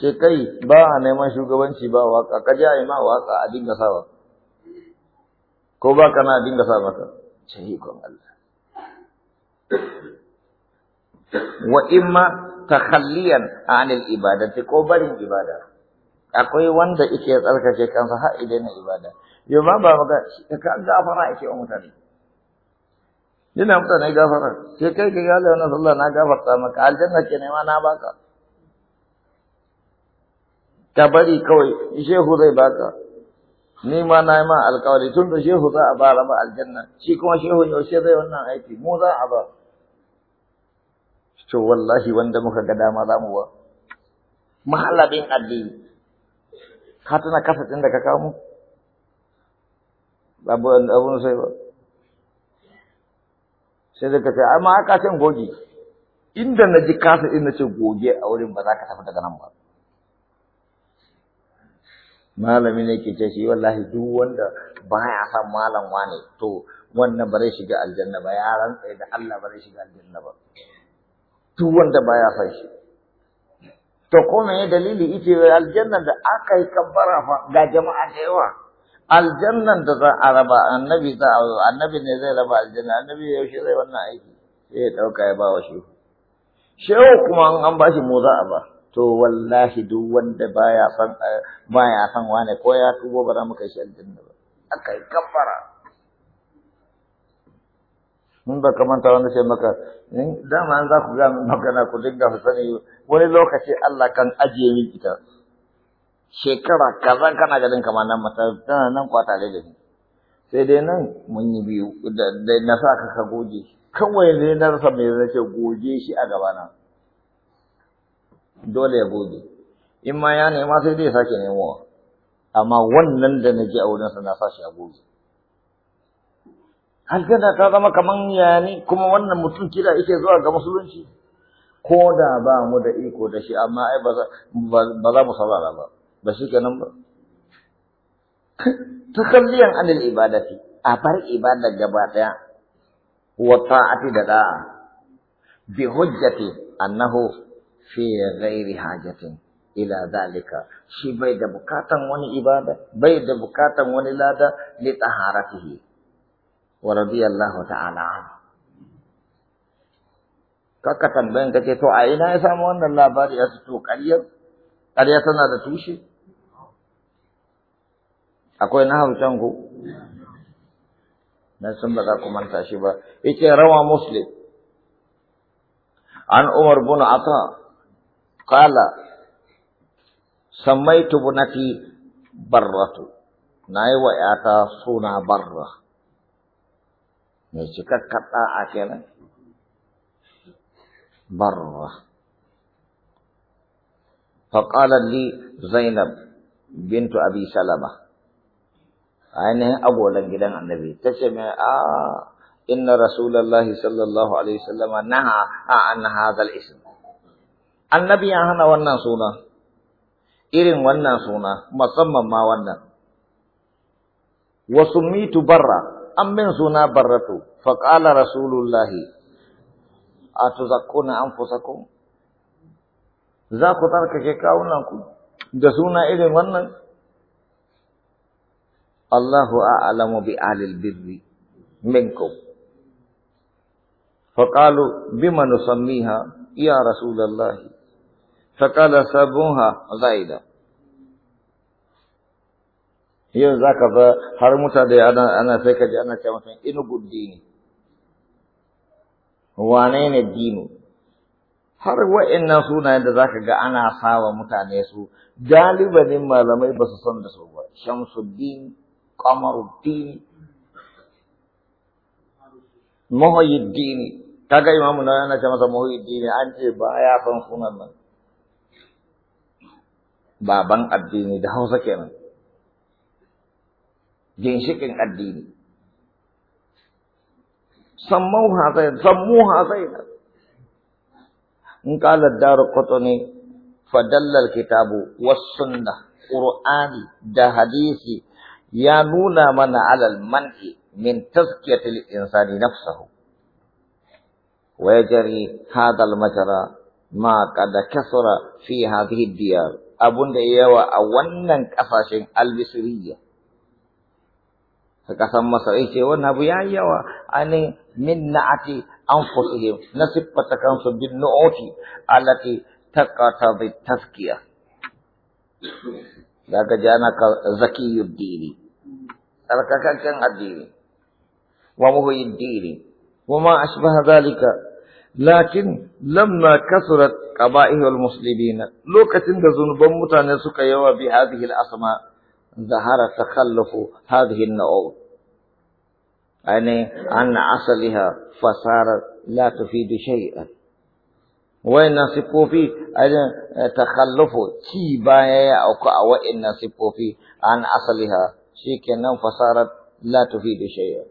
Speaker 1: ce kai ba a neman shugabanci ba waka ka ji a ma waka a dinga sawa ko ba kana na dinga sa maka ce ikon Allah wa imma takhalliyan anil ibadati ko barin ibada akwai wanda yake tsarkake kansa har idan ibada yau ma ba ba ka gafara yake wa mutane yana mutane gafara sai kai ka gale na sallah na gafarta maka aljanna ke nema na baka ka bari kawai shehu zai baka ni ma na yi ma alkawari tun da shehu za a bara ma aljanna shi kuma shehu yaushe zai wannan aiki mu za a ba to wallahi wanda muka ga dama za mu ba mahallabin addini ka tana kasa ɗin da ka kamo abun sai ba sai da kace amma aka cin goge inda na ji kasa ina na ce goge a wurin ba za ka tafi daga nan ba malami ne ke ce shi wallahi duk wanda baya san malam wane to wannan bare shi shiga aljanna ba ya rantsa da Allah bare shi shiga aljanna ba duk wanda baya san shi to ko me dalili ita aljanna da aka yi kabbara fa ga jama'a da yawa aljannan da za a raba annabi za annabi ne zai raba aljanna annabi yaushe zai wannan aiki sai ya dauka ya ba wa shehu shehu kuma an ba shi mu za a ba to wallahi duk wanda baya san eh, baya san wane ko ya tubo ba za mu kai shi aljanna ba akai kafara mun ba ta wanda sai maka dama an za ku ga magana ku dinga sani wani lokaci Allah kan ajiye min ita shekara kaza kana ganin kamar nan mata tana nan kwata da ni sai dai nan mun yi biyu da na sa ka goge kawai ne na rasa me zai ce goge shi a gaba na. dole ya goge in ma ya nema sai dai sake nemo amma wannan da naji a wurin sa na sashi a goge aljanna ta zama kaman yani kuma wannan mutum kira yake zuwa ga musulunci ko da ba mu da iko da shi amma ai ba za mu sallala ba ba shi kenan ba takalliyan anil ibadati a bar ibada gaba daya wa ta'ati da da'a bi hujjati annahu fi ghairi hajatin ila zalika shi bai da bukatan wani ibada bai da bukatan wani lada li taharatihi wa radiyallahu ta'ala an kaka tambayan kace to a ina ya samu wannan labari a to kariya? ƙarya tana da tushe akwai na hausan ku na san ba za ku manta shi ba yace rawa muslim an umar bin ata قال سميت ابنتي برة ناي وياتا سونا برة نسيك كتا أكلا برة فقال لي زينب بنت أبي سلمة أنا أبو لنجدان النبي تسمع آه إن رسول الله صلى الله عليه وسلم نهى عن هذا الاسم annabi ya hana wannan suna irin wannan suna musamman ma wannan wa sumitu barra an min suna barratu fa qala rasulullahi atuzakkuna anfusakum za ku tsarkake kawunanku da suna irin wannan Allahu a'lamu bi alil birri minkum فقالوا بما نسميها يا رسول الله فقال سابونها zaida yau za ka ba har mutane ana ana sai ka ji ana ce masa inugu dini wane ne dinu har wa'annan sunayen da za ka ga ana sawa mutane su galibanin malamai ba su san da su ba shamsuddin qamaruddin muhayyiddin kaga imamu na yana ce masa muhayyiddin an ce ba ya san sunan nan baban addini da hausa kenan ginshikin addini sammau hazai zammu hazai in kala daru qutni fadalla alkitabu was sunnah qur'ani da hadisi ya nuna mana alal man'i min tazkiyatil insani nafsahu ويجري هذا المجرى ما قد كثر في هذه الديار abun da yawa a wannan kasashen albisiriya saka san masa ce wannan abu ya yawa ani min na'ati anfusihim na siffata su bin nu'uti allati bi taskiya daga jana ka zakiyud dini tsarkakakken addini wa muhyid dini wa ma zalika لكن لما كثرت قبائل المسلمين لوكتين ذا ذنوبهم متناسقة يوا بهذه الأسماء ظهر تخلف هذه النعوم يعني عن أصلها فصارت لا تفيد شيئا وإن في أن كي تيبايا أو كأو إن في عن أصلها شيكنا فصارت لا تفيد شيئا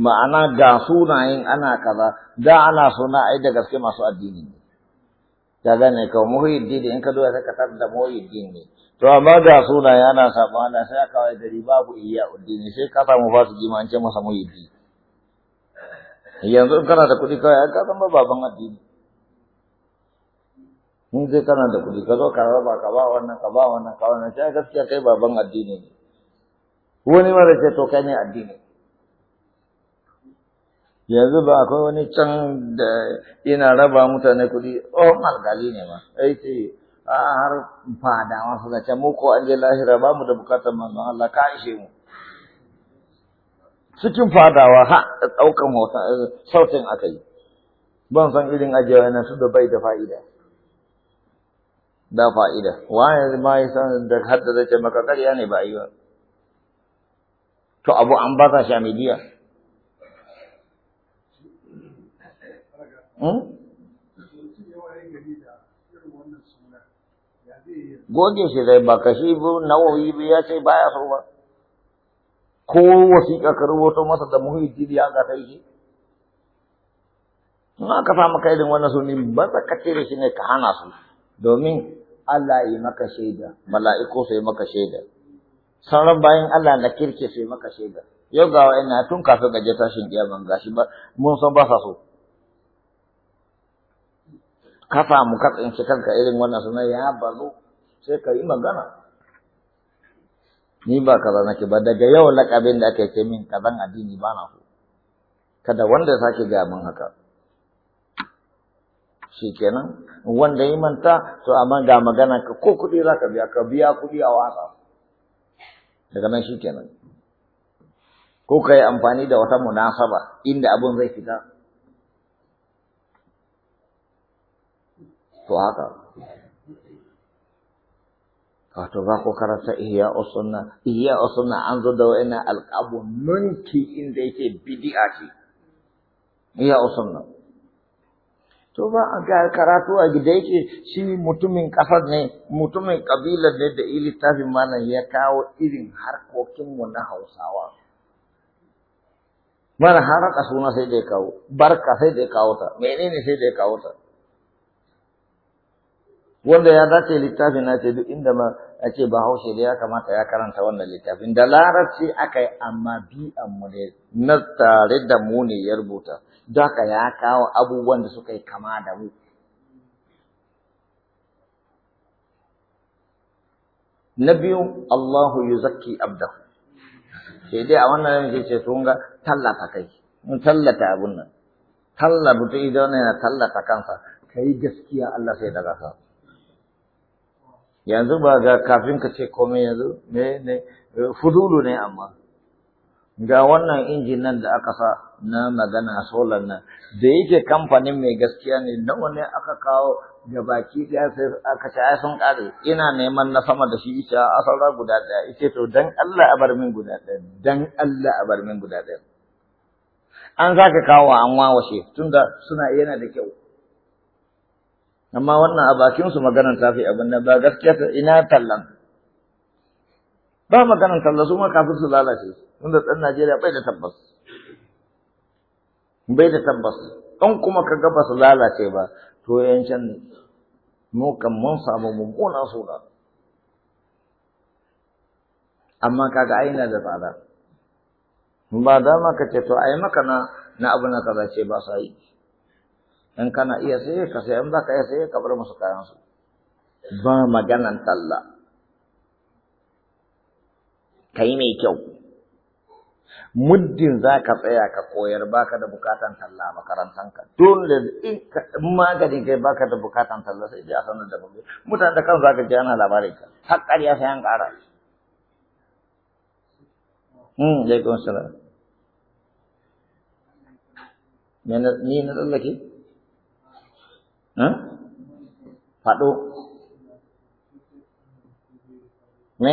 Speaker 1: ma'ana ga sunayen ana kaza da ana suna ai da gaske masu addini ne ka gane ka muhyiddin in ka zo sai ka tar da muhyiddin ne to amma ga sunaye ana ana sai ka wai gari babu iya addini sai ka samu fasiki ma an ce masa muhyiddin yanzu kana da kuɗi kawai ka san baban addini in zai kana da kuɗi ka zo ka raba ka ba wannan ka ba wannan ka wannan sai gaskiya kai baban addini ne wani mara ce to kai ne addini yanzu ba akwai wani can da ina raba mutane kuɗi oh malgali ne ma ai ce har fada masu zace mu ko an je lahira ba mu da bukatar manzon Allah ka ishe mu cikin fadawa ha ɗaukan hoton eh, sautin aka yi ban san irin ajiyar na su da bai da fa'ida da fa'ida yanzu ma ya san da har da zace maka ne ba yi ba to abu an ba sha shamidiyya Hmm? goge shi zai ba kashi nawawi bi ya ce baya so ba ko wasiƙa ka rubuto masa da muhijir ya ga shi in aka samu kaidin wannan suni ba za ka cire shi ne ka hana su domin Allah yi maka shaida mala'iku sai maka shaida sauran bayan Allah na kirke sai maka shaida yau ga wa'ina tun kafin gaje tashin kiyaman gashi ba mun san ba sa so kafa mu ka tsinci kanka irin wannan sunan ya bazo sai ka yi magana ni ba kaza nake ba daga yau lakabin da aka ce min kazan addini ba na ku kada wanda sake ga min haka shikenan wanda ya manta to amma ga magana ka ko kuɗi za ka biya ka biya kuɗi a wasa, daga nan shikenan ko ka yi amfani da wata munasaba inda abun zai fita to haka wato za ku karanta iya usunna iya usunna an zo da wani alƙabu nunki inda yake bidi'a ce iya usunna to ba a ga karatu a gida yake shi mutumin ƙasar ne mutumin ƙabilar ne da tafi mana ya kawo irin mu na hausawa mana haraka suna sai da kawo barka sai da kawo ta menene sai da kawo ta wanda ya dace littafin na ce duk inda ma a ce bahaushe da ya kamata ya karanta wannan littafin da larabci aka yi amma bi amma ne na tare da mu ne ya rubuta da ya kawo abubuwan da suka yi kama da mu na biyu Allahu zaki abdahu sai dai a wannan yanzu ce sun ga tallata kai mun tallata abun nan tallata idan yana tallata kansa kai gaskiya Allah sai daga sa yanzu ba ga kafin ka ce komai yanzu ne ne eh, fudulu ne amma ga wannan injin nan da aka sa na magana solar nan da yake kamfanin mai gaskiya ne nawa ne aka kawo ga baki ɗaya sai aka ce ai sun ƙare ina neman na sama da shi ita a saura guda ɗaya ita to dan Allah a bar min guda ɗaya dan Allah a bar min guda ɗaya an zaka kawo an wawashe tunda suna yana da kyau amma wannan a bakin su maganar ta fi abin nan ba gaskiya ta ina tallan ba maganar tallan su ma kafin su lalace tunda dan Najeriya bai da tabbas bai da tabbas Ɗan kuma ka ba su lalace ba to yancan mu kan mun samu mummunan suna amma kaga aina da tsada ba dama ka ce to ai maka na na abu na kaza ce ba sa yi in kana iya saye ka saye in baka iya saye ka bar musu kayan su ba maganan talla kai mai kyau muddin za ka tsaya ka koyar baka da bukatan talla a makarantanka dole in maganin kai baka da bukatan talla sai dai a sanar da mutane mutane da kan za ka ji ana labarin ka har ya sai an ƙara Hmm, alaikum salam. Ni na tsallake? faɗo ne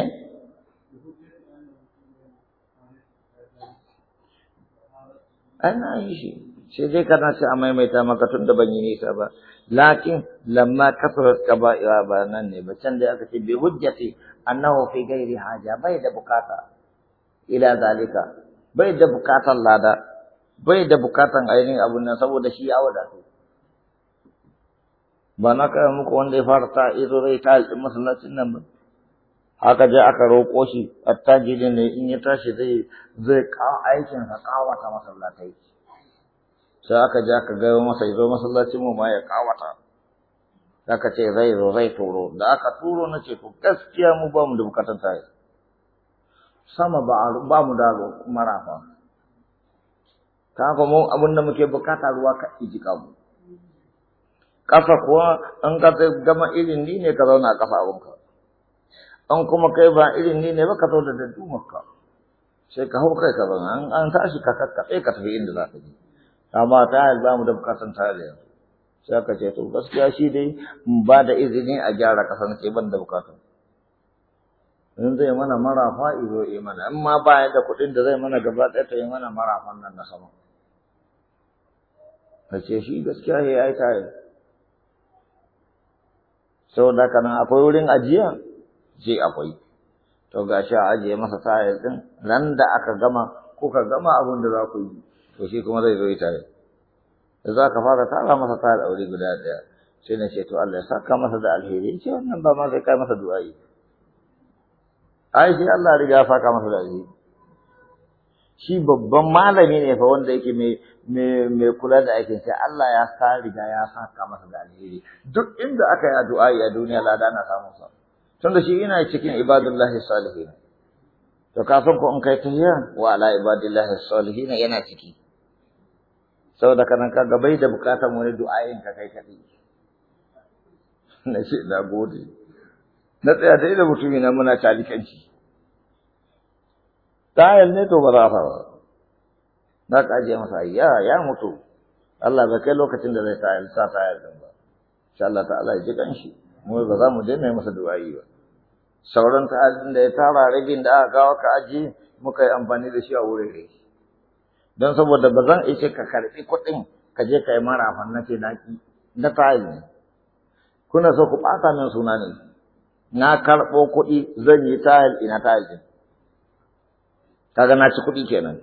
Speaker 1: ana yi shi sai dai kana sai a maimaita maka tun da ban yi nisa ba lakin lamma kasarar ka ba nan ne ba can dai aka ce bi hujjati annahu fi gairi haja bai da bukata ila zalika bai da bukatan lada bai da bukatan ainihin abun nan saboda shi ya wadatu ba na kaya muku wanda ya fara ta izo zai ta alɗin masallacin nan ba haka je aka roƙo shi attajiri ne in ya tashi zai zai kawo aikin sa kawata masallatai sai aka je aka gaya masa izo masallacin mu ma ya kawata aka ce zai zo zai turo da aka turo na ce to gaskiya mu ba mu da bukatar ta sama ba mu da marafa ta kuma abin da muke bukata ruwa ka iji kamu kafa kuwa an ka gama irin ni ne ka zauna a kafa abinka an kuma kai ba irin ni ne ba ka zauna da ka, sai ka hau kai ka zauna an tashi ka kakkaɓe ka tafi inda za ka je amma ta yi za mu da bukatan ta da yanzu sai aka ce to gaskiya shi dai ba da izini a gyara ƙasa na ban da bukatan in zai mana marafa izo yi mana in ma ba da kuɗin da zai mana gaba ɗaya ta yi mana marafan nan na sama ka ce shi gaskiya ya yi ta yi saboda haka nan akwai wurin ajiya je akwai to ga shi a ajiye masa tayar din nan da aka gama kuka gama abin da za ku yi to shi kuma zai zo ya tare da za ka fara tara masa a wuri guda ɗaya sai na ce to Allah ya saka masa da alheri ce wannan ba ma sai kai masa du'a yi ai shi Allah ya riga ya saka masa da alheri shi babban malami ne fa wanda yake mai kula da aikin sai Allah ya sa riga ya saka masa da alheri duk inda aka yi addu'a a duniya lada na samun sa tunda shi yana cikin ibadullahi salihin to kafin ku in kai tahiyya wa ala ibadillahi salihin yana ciki saboda kana ka gabai da bukatar wani du'ayin ka kai kadai na ce na gode na tsaya da na muna talikanci tayal ne to ba za a fara za ka ajiye masa ya ya mutu Allah bai kai lokacin da zai tayar sa tayar din ba insha Allah ta'ala ya ji kanshi mu ba za mu daina masa du'a'i ba sauran ta'adin da ya tara ragin da aka kawo ka aji muka yi amfani da shi a wurin rai don saboda ba zan ishe ka karɓi kuɗin ka je ka yi mara fannace na daki, na tayar ne kuna so ku ɓata min suna ne na karɓo kuɗi zan yi tayar ina tayar din kaga na ci kuɗi kenan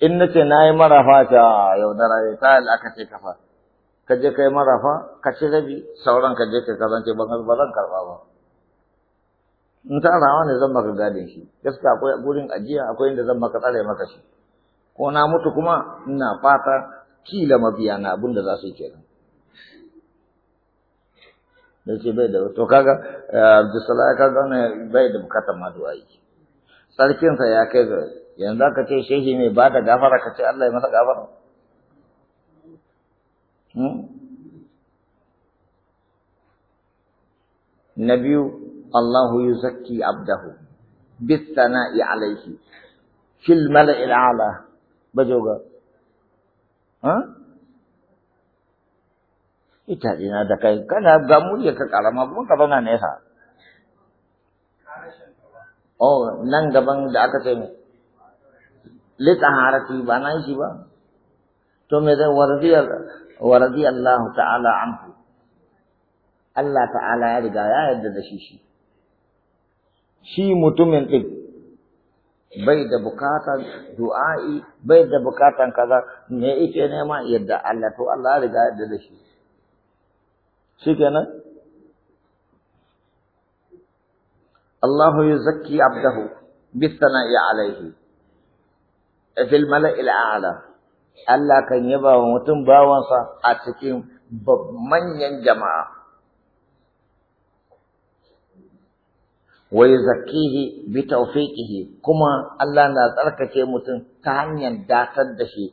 Speaker 1: in na ce na yi marafa ta yaudara ta aka ce kafa ka je ka yi marafa ka ci rabi sauran ka je ka kazance ban ba zan karɓa ba in ta rawa ne zan maka gadin shi gaskiya akwai gurin ajiya akwai inda zan maka tsare maka shi ko na mutu kuma ina fata kila mabiya na abin da za su yi kenan da ce bai da to kaga eh, Abdulsalam kaga ne bai da bukatar ma yi tsarkinsa ya kai ga yanzu aka ce shehi mai ba da gafara ka ce Allah ya masa gafara hmm? na biyu Allahu yuzakki abdahu bis sana'i alaihi fil mala'il ala bajoga ha ita ina da kai kana ga murya ka karama kuma ka zauna nesa Oh, nan gaban da aka ce litsaharati ba nan shi ba. To me zai waradi Allah ta'ala anhu. Allah ta'ala ya riga ya yarda da shi shi. Shi mutumin ɗin bai da bukatar du'a'i, bai da bukatar kaza, me yake nema yadda Allah to Allah ya riga ya yarda da shi. Shi kenan? الله يزكي عبده بالثناء عليه في الملأ الأعلى ألا كان يبا ومتن باوانسا أتكين بمن جماعة ويزكيه بتوفيقه كما ألا لا ترك شيء متن تهنيا داتد شيء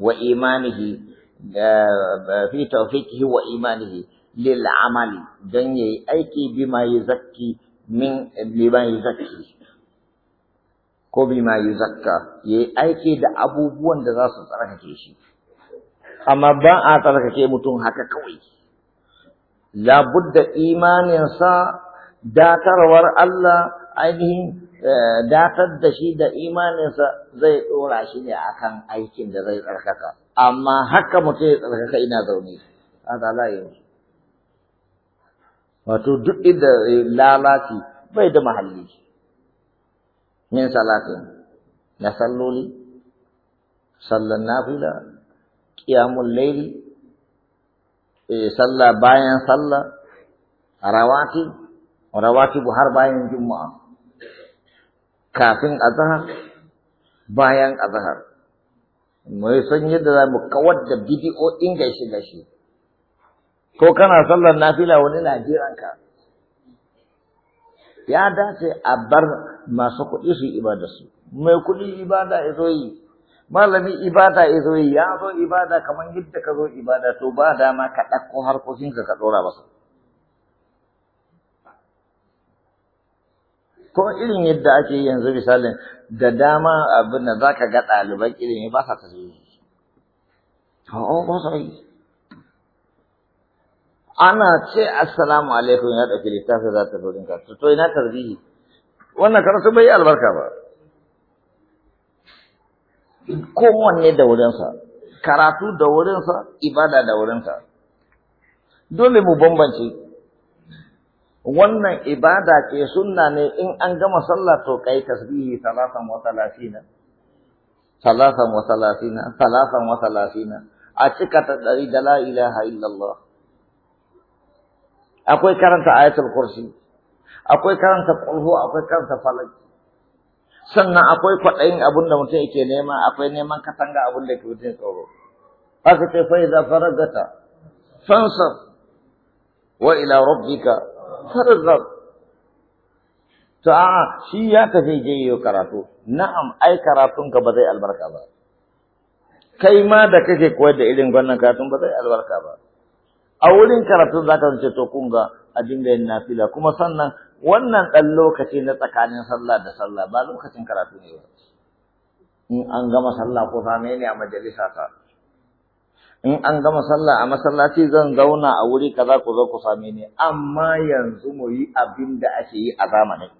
Speaker 1: وإيمانه آه، في توفيقه وإيمانه للعمل جنيه أيكي بما يزكي min liman yuzakki ko bima yuzakka yayi aiki da abubuwan da za su tsarkake shi amma ba a tsarkake mutum haka kawai labudda imaninsa datarwar Allah ainihin eh, datar da shi da imaninsa zai ɗora shi ne akan aikin da zai tsarkaka amma haka mutum ya tsarkaka ina zaune haka wato duk inda eh, lalaci bai da mahalli min salatin na salloli sallan nafila qiyamul layli eh, salla bayan sallah rawati rawati har bayan juma'a kafin azhar bayan azhar mai san yadda za mu kawar da bidiyo inga shi shi ko kana sallar nafila wani na jiranka ya dace a bar masu kuɗi su ibada su mai kuɗi ibada ya zo yi malami ibada ya zo yi ya zo ibada kamar yadda ka zo ibada to ba dama ka ɗauko harkokinka ka ɗora masa ko irin yadda ake yanzu misalin da dama abin da za ka ga ɗaliban ilimi ba sa tasiri. yi ba sa yi. ana ce assalamu alaikum ya dauki littafi za ta zo dinka to ina tarbihi wannan karatu bai yi albarka ba Ko wanne da wurinsa karatu da wurinsa ibada da wurinsa dole mu bambance wannan ibada ke sunna ne in an gama sallah to kai tasbihi salatan wa salasina salatan wa salasina salatan wa salasina a cika ta ɗari da la ilaha illallah akwai karanta ayatul kursi akwai karanta kulhu akwai karanta falak sannan akwai kwaɗayin abin da mutum yake nema akwai neman katanga abin da ke mutum tsoro haka ce fa idza faragata fansab wa ila rabbika farzab to a shi ya tafi je karatu na'am ai karatun ka ba zai albarka ba kai ma da kake koyar da irin wannan karatun ba zai albarka ba a wurin karatun za ka zance to kun ga a dinga yin nafila kuma sannan wannan ɗan lokaci na tsakanin sallah da sallah ba lokacin karatu ne ba in an gama sallah ko same ne a majalisa ta in an gama sallah a masallaci zan zauna a wuri kaza ku zo ku same ni amma yanzu mu yi abin da ake yi a zamanin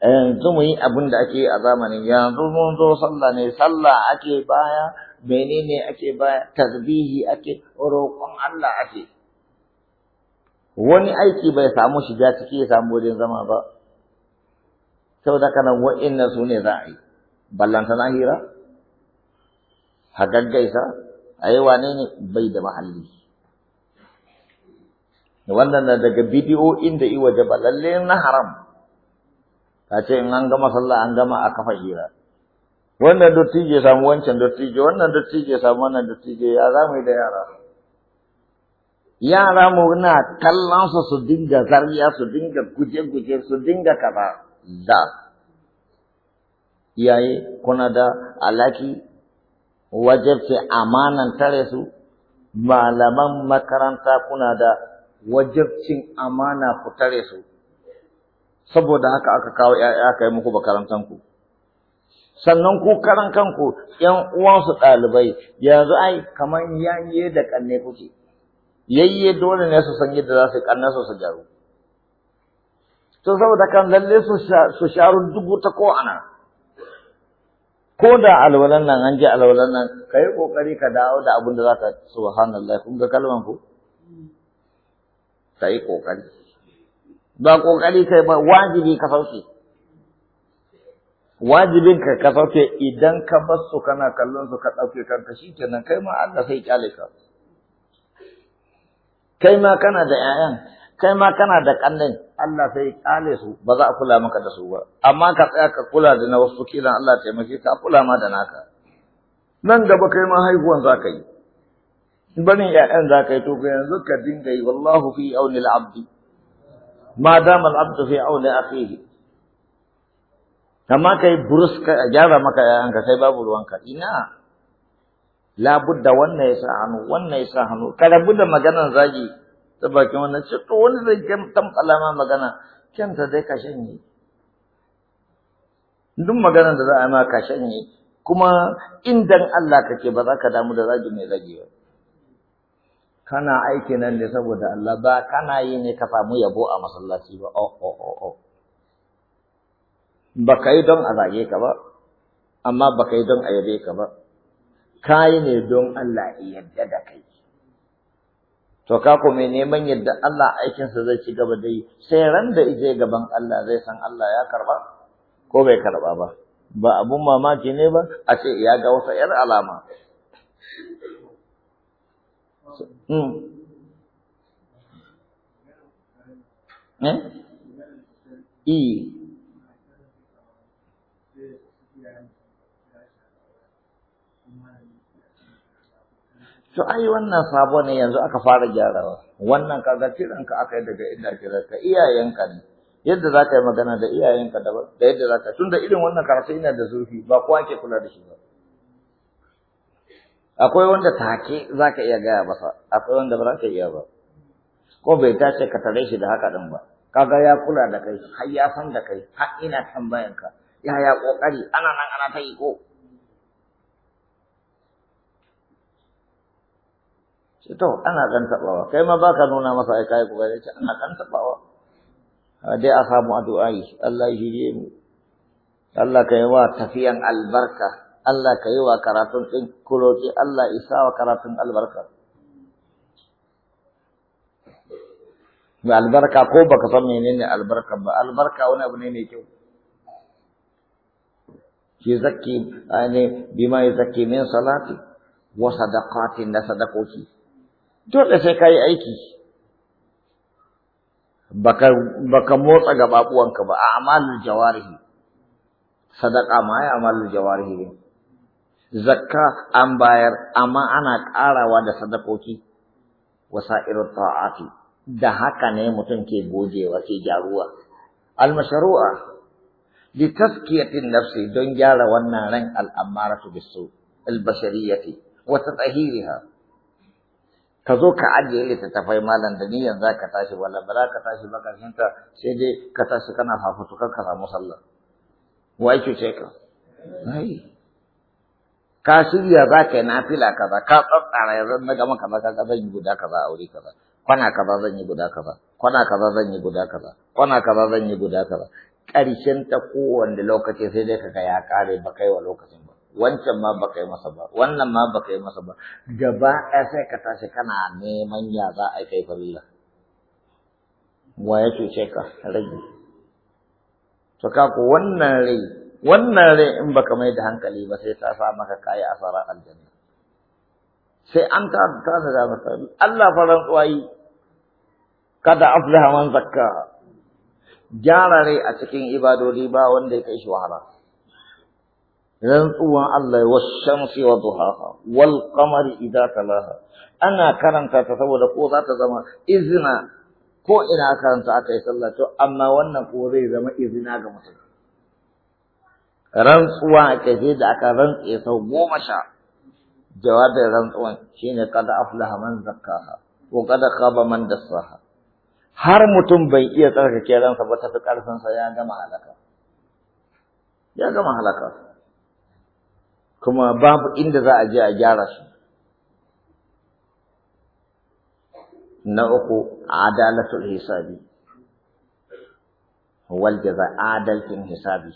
Speaker 1: yanzu mu yi abin da ake yi a zamanin yanzu mun zo sallah ne sallah ake baya menene ake ba tasbihi ake roƙon Allah ake wani aiki bai samu shiga ciki ya samu wajen zama ba saboda kana wa inna sune za a yi ballanta na hira hagaggaisa a yi wane ne bai da mahalli wannan na daga bidiyoyin da iwaje ba na haram ta ce in an gama sallah an gama a kafa hira wannan dattijo ya samu wancan dattijo wannan dattijo ya samu wannan dattijo ya za mu da yara yara mu na kallon su su dinga zariya su dinga guje-guje su dinga kaba da iyaye kuna da alaki wajabce amanan tare su malaman makaranta kuna da wajabcin amana ku tare su saboda haka aka kawo ‘ya'ya aka yi muku makarantanku sannan ku karan kanku ƴan uwansu ɗalibai yanzu ai kamar yanye da ƙanne kuke yayye dole ne su san yadda za su ƙanne su su gyaru to saboda kan lalle su sharu dubu ta ko ana ko da alwalan nan an ji alwalan nan ka yi ƙoƙari ka dawo da abin da za ka subhanallah kun ga kalman ku ka yi ƙoƙari ba ƙoƙari kai ba wajibi ka sauke wajibin ka ka sauke idan ka bar su kana kallon su ka ɗauke kanka shikenan kai ma Allah sai kyale ka kai ma kana da ƴaƴan kai ma kana da kallon Allah sai kyale su ba za a kula maka da su ba amma ka tsaya ka kula da na wasu kilan Allah taimake ka kula ma da naka nan gaba kai ma haihuwan za ka yi barin ƴaƴan za ka yi to yanzu ka dinga yi wallahu fi auni al-abdi ma dama al-abdu fi auni akhihi Kama kai burus ka gyara maka yayanka kai babu ruwanka ina labudda wannan ya sa hannu wannan ya sa hannu ka rabu da maganar zagi ta bakin wannan ce to wani zai tamtsala ma magana ta dai ka ni. duk maganar da za a yi ma ka ni, kuma indan Allah kake ba za ka damu da zagi mai zagi ba kana aiki nan ne saboda Allah ba kana yi ne ka samu yabo a masallaci ba oh oh oh oh ba ka yi don a zage ka ba amma ba ka yi don a yabe ka ba ka yi ne don Allah ya yadda da kai to ka ko neman yadda Allah aikinsa zai ci gaba da yi sai ran da ije gaban Allah zai san Allah ya karba ko bai karba ba ba abun mamaki ne ba a ce ya ga wata yar alama hmm. Eh? to ai wannan sabo ne yanzu aka fara gyarawa wannan kaga ka aka yi daga inda ka iyayenka ne yadda za ka yi magana da iyayenka daban da yadda za ka tunda irin wannan karatu ina da zurfi ba kowa ke kula da shi ba akwai wanda take za ka iya gaya ba akwai wanda ba za ka iya ba ko bai dace ka tare shi da haka din ba kaga ya kula da kai har ya san da kai har ina tambayanka yaya kokari ana nan ana ta yi ko to ana kan tabawa kai ma baka nuna masa ai kai kuka ce ana kan tabawa dai a samu addu'ai Allah ya shirye mu Allah ka yi wa tafiyan albarka Allah ka yi wa karatun din kuroki Allah isa wa karatun albarka Ba albarka ko baka san menene albarka ba albarka wani abu ne mai kyau yuzakki ne bima yuzakki min salati wa sadaqatin da sadaqoki dole sai ka yi aiki baka motsa ka ba a amalin jawarihi sadaka ma ya amalin jawarihi ne zakka an bayar amma ana ƙarawa da sadakoki wasa'ir ta'ati da haka ne mutum ke gojewa ke gyaruwa almasharu'a mashrua li taskiyatin nafsi don gyara wannan ran alamaratu ammaratu bis-su wa tatahiriha ka zo ka ajiye littattafai malam da niyan za ka tashi wala ba za ka tashi ba ƙarshen ta sai dai ka tashi kana fafutu kan ka samu sallah wai ki ce ka ka shirya za ka yi nafila kaza ka tsatsara yanzu na gama kaza ka zan yi guda kaza a wuri kaza kwana kaza zan yi guda kaza kwana kaza zan yi guda kaza kwana kaza zan yi guda kaza ƙarshen ta kowanne lokaci sai dai ka ga ya kare ba kai wa lokacin wancan ma baka yi masa ba wannan ma baka yi masa ba gaba ɗaya sai ka tashi kana neman ya za a kai farilla wa ya cuce ka rage to ka ko wannan rai wannan rai in baka mai da hankali ba sai ta sa maka kayi asara aljanna sai an ta ta da maka Allah faran tsuwayi kada aflaha man zakka gyara rai a cikin ibadodi ba wanda ya kai shi wahala rantsuwan Allah washamsi wa duhaha wal qamari idza talaha ana karanta ta saboda ko za ta zama izina ko ina karanta aka yi sallah to amma wannan ko zai zama izina ga mutum rantsuwa ake je da aka rantse sau goma sha jawabin rantsuwan shine kada aflaha man zakkaha ko kada khaba man dassaha har mutum bai iya tsarkake ransa ba ta fi karfin sa ya gama halaka ya gama halaka kuma babu inda za a je a gyara su na uku adalatul hisabi wal jaza adalcin hisabi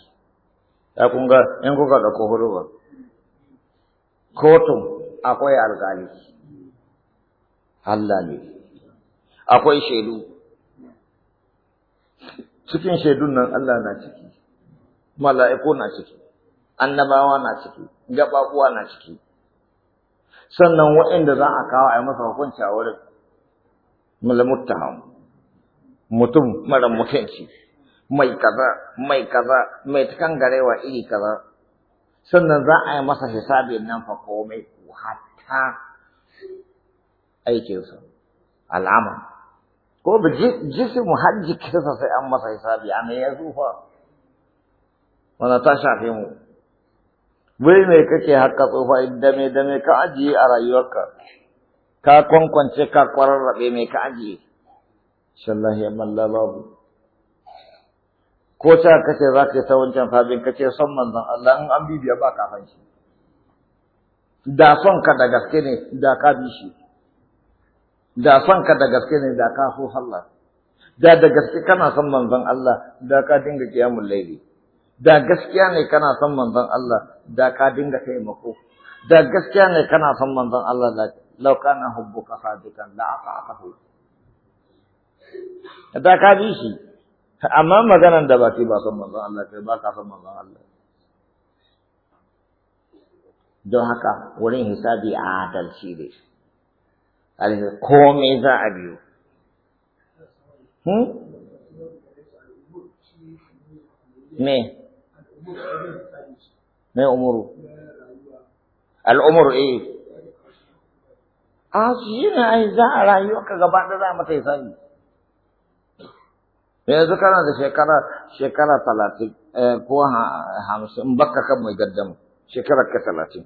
Speaker 1: ya kun ga in kuka ɗauko huruba kotun akwai alƙali Allah ne akwai shaidu cikin shaidun nan Allah na ciki mala'iku na ciki annabawa na ciki gababuwa na ciki sannan waɗanda za a kawo a yi masa hukunci a wurin malamuttaham mutum mara mutunci mai kaza mai kaza mai tukan garewa iri kaza sannan za a yi masa hisabi nan fa komai hatta aikinsa al'ama ko ba jisimu hajji kisa sai an masa hisabi a mai ya zufa wanda ta shafe mu wai mai kake haka tsofa dame dame ka ajiye a rayuwarka ka kwankwance ka kwararrabe mai ka ajiye shallahi amalla babu ko ta kace za ka yi ta wancan fabin kace son manzon Allah in an bibiya ba ka fanshi da son ka da gaske ne da ka bi shi da son ka da gaske ne da ka so Allah da da gaske kana son manzon Allah da ka dinga kiyamul laili da gaskiya ne kana son manzon Allah da ka dinga taimako da gaskiya ne kana son manzon Allah da laukana hubbuka sadikan la aqaqahu da ka bi shi amma maganan da ba kai ba son manzon Allah kai ba ka son manzon Allah don haka wurin hisabi a adalci ne alhi komai za a biyo hmm? me mai umuru al'umur eh a ah, shi ne ai za a rayuwarka gaba da za mata yi sani yanzu kana da shekara shekara talatin eh, ko hamsin baka kan mai gaddam shekarar ka talatin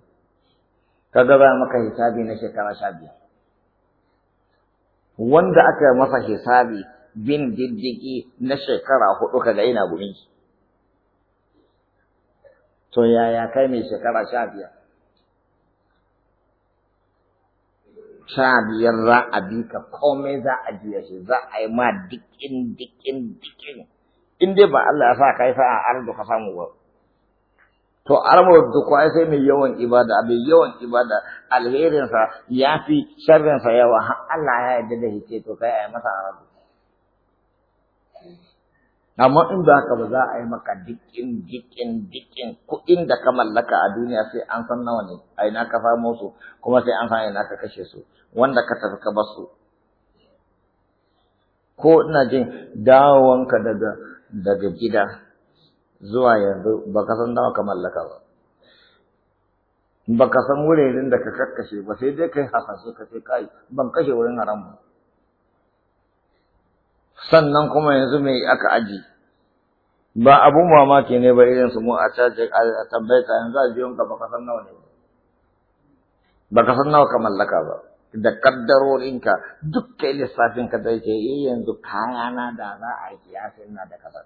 Speaker 1: ka gaba maka hisabi na shekara sha biyar wanda aka masa hisabi bin diddigi na shekara hudu kaga ina gurin shi to yaya kai mai shekara sha biyar sha biyar za a bi ka komai za a biya shi za a yi ma dikin dikin dikin in dai ba Allah ya sa kai sa a ardu ka samu ba to armar duk wai sai mai yawan ibada mai yawan ibada alherinsa ya fi sharrinsa yawa har Allah ya yarda da hice to kai a yi masa ardu amma in ba haka ba za a yi maka dikin dikin dikin kuɗin da ka mallaka a duniya sai an san nawa ne a ina ka famo su kuma sai an san ina ka kashe su wanda ka tafi ka basu? ko ina jin dawowanka daga daga gida zuwa yanzu ba ka san nawa ka mallaka ba ba ka san wurin da ka kakkashe ba sai dai kai hasashe ka sai kai ban kashe wurin haram ba sannan kuma yanzu mai aka aji ba abu mamaki ne ba irin su mu a caje a tambaye ka yanzu jiyon ka baka san nawa ne baka san nawa ka mallaka ba da kaddarorinka duk kai lissafin ka da yake yi eh, yanzu kayana da za a yi ina da kaza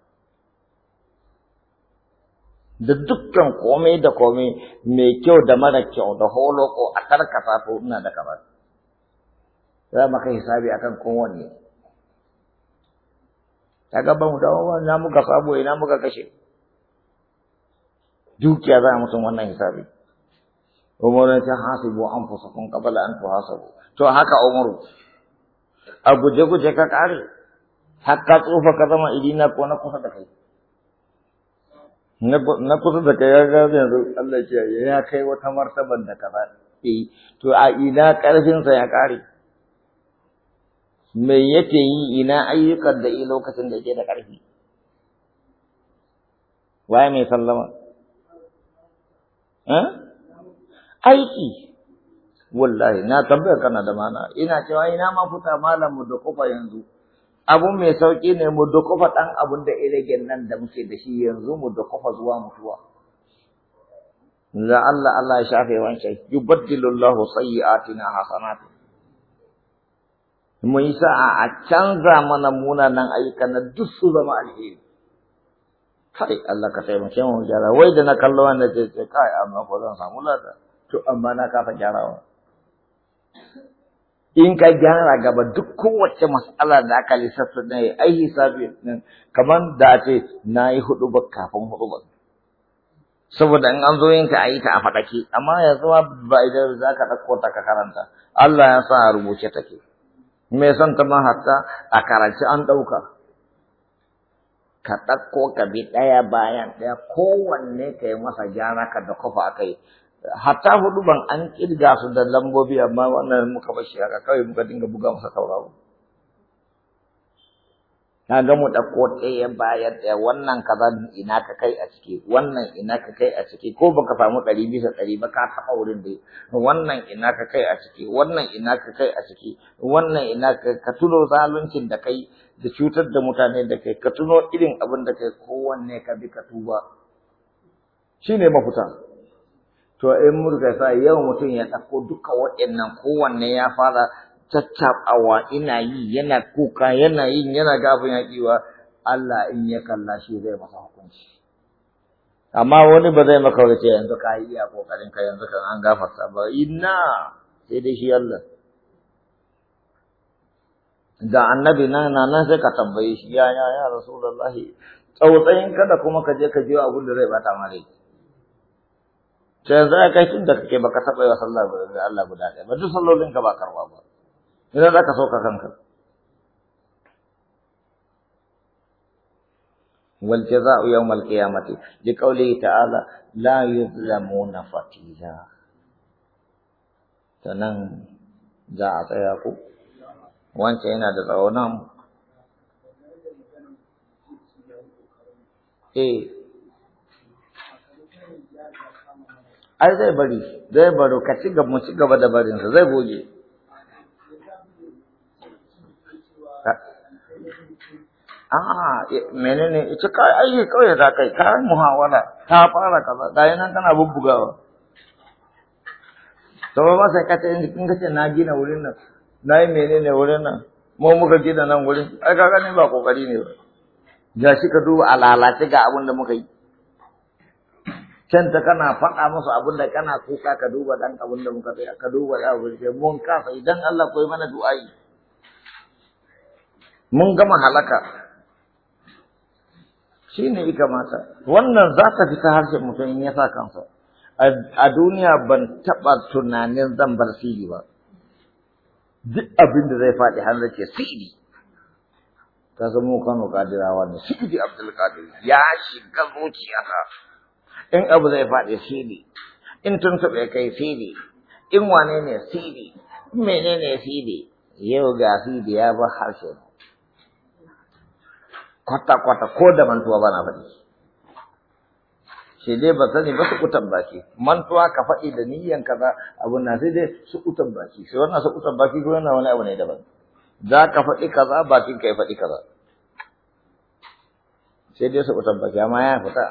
Speaker 1: da dukkan komai da komai mai kyau da mara kyau da holoko a karkasa ko ina da kaza za maka hisabi akan kowanne kaga ba mu dawo ba na muka sabo ina muka kashe dukiya za a mutum wannan hisabi umaru ta hasibu anfusakum qabla an tuhasabu to haka umaru a guje guje ka kare hakka tsufa ka zama idina ko na kusa da kai na kusa da kai ya ga yanzu Allah ya ya kai wata martaban da ka faɗi eh, to a ina karfin sa ya kare me yake yi ina ayyukan da yi lokacin da yake da ƙarfi waye mai sallama eh? aiki wallahi na tambayar kana da mana ina cewa ina ma futa malam mu da kofa yanzu abun mai sauki ne mu da kofa dan abun da iragen nan da muke da shi yanzu mu da kofa zuwa mutuwa la Allah Allah ya shafe wancan yubaddilu Allahu sayyi'atina hasanat Mun yi sa'a a canza mana munanan ayyukan na duk su zama alheri kai Allah ka taimake mun gyara wai da na kallo wanda ce ce kai amma ko zan samu lada to amma na kafa gyarawa in ka gyara gaba duk kowace mas'ala da aka lissafta na yi, ai hisabi nan kamar da ce na yi hudu ba kafin hudu ba saboda in an zo yinka a yi ta a faɗaki, amma yanzu ba idan za ka ɗauko ta ka karanta Allah ya sa a rubuce take. mai son ta ma hatta a karaci an ɗauka ka ɗauko ka bi ɗaya bayan ɗaya kowanne ka yi masa gyara ka da kofa aka yi hatta hudu ban an kirga su da lambobi amma wannan muka bashi haka kawai muka dinga buga masa taurawa na ga mu ɗauko ɗaya bayar ɗaya wannan kaza ina ka kai a ciki wannan ina ka kai a ciki ko baka samu ɗari bisa ɗari ba ka taɓa wurin da wannan ina ka kai a ciki wannan ina ka kai a ciki wannan ina ka ka tuno zaluncin da kai da cutar da mutane da kai ka tuno irin abin da kai kowanne ka bi ka tuba shine mafuta to in murka sa yau mutum ya ɗauko duka waɗannan kowanne ya fara tattaɓawa ina yi yana kuka yana yin yana gafin yaƙiwa Allah in ya kalla shi zai masa hukunci amma wani ba zai maka wace yanzu ka yi iya kokarin ka yanzu kan an gafarta ba inna sai dai shi Allah ga annabi nan na nan sai ka tambaye shi ya ya ya rasulullahi tsautsayin da kuma ka je ka je abin da zai bata ma rai sai yanzu kai tun da kake baka taɓa yi wa sallah Allah guda ɗaya ba duk sallolin ka ba karɓa ba idan za ka sauka kanka wal jaza'u yawmal qiyamati li qawlihi ta'ala la yuzlamuna fatila sanan za a tsaya ku wance yana da tsawo nan eh ai zai bari zai baro ka ci gaba mu ci gaba da barinsa zai goge a'a eh, menene ita kai ai kawai za kai ka muhawara ta fara kaza Da yana kana bubbugawa to ba sai ka ce kin ka na gina wurin nan na yi menene wurin nan mu muka gina nan wurin ai ka gani ba kokari ne ba ga shi ka duba a lalace ga abin da muka yi can ta kana faɗa musu abin da kana kuka ka duba dan abin da muka tsaya ka duba da abin da mun kafa idan Allah koyi mana du'a'i mun gama halaka shi ne ya kamata wannan za ta harshen mutum in ya sa kansa a duniya ban taɓa tunanin zan bar siri ba duk abin da zai faɗi hannu ce siri ka zama kano kadirawa ne siri abdulkadir ya shiga ta. in abu zai faɗi siri in tun taɓa kai siri in wane ne siri menene siri yau ga siri ya bar harshen kwata-kwata ko da mantuwa ba na faɗi sai dai ba sani ba su kutan baki mantuwa ka faɗi da niyyan kaza abun na sai dai su kutan baki sai wannan su kutan baki ko yana wani abu ne daban za ka faɗi kaza bakin ka ya faɗi kaza sai dai su kutan baki amma ya fita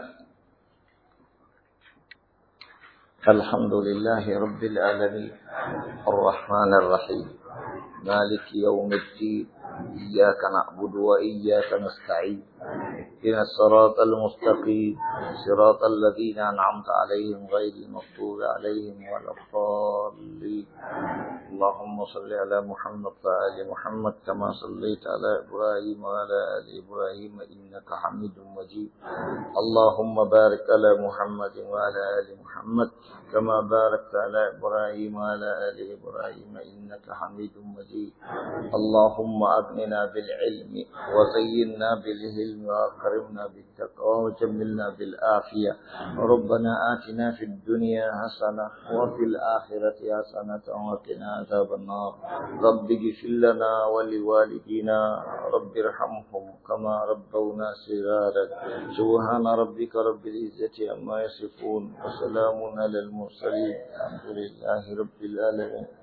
Speaker 1: الحمد لله رب العالمين الرحمن الرحيم مالك يوم الدين iyyaka na'budu wa iyyaka nasta'in اهدنا الصراط المستقيم صراط الذين أنعمت عليهم غير المغضوب عليهم ولا الضالين اللهم صل على محمد وآل محمد كما صليت على إبراهيم وعلى آل إبراهيم إنك حميد مجيد اللهم بارك على محمد وعلى آل محمد كما باركت على إبراهيم وعلى آل إبراهيم إنك حميد مجيد اللهم أغننا بالعلم وزينا بالهلم وأكرمنا بالتقوى وجملنا بالعافية ربنا آتنا في الدنيا حسنة وفي الآخرة حسنة وقنا عذاب النار رب اغفر لنا ولوالدينا رب ارحمهم كما ربونا صغارا سبحان ربك رب العزة عما يصفون وسلام على المرسلين الحمد لله رب العالمين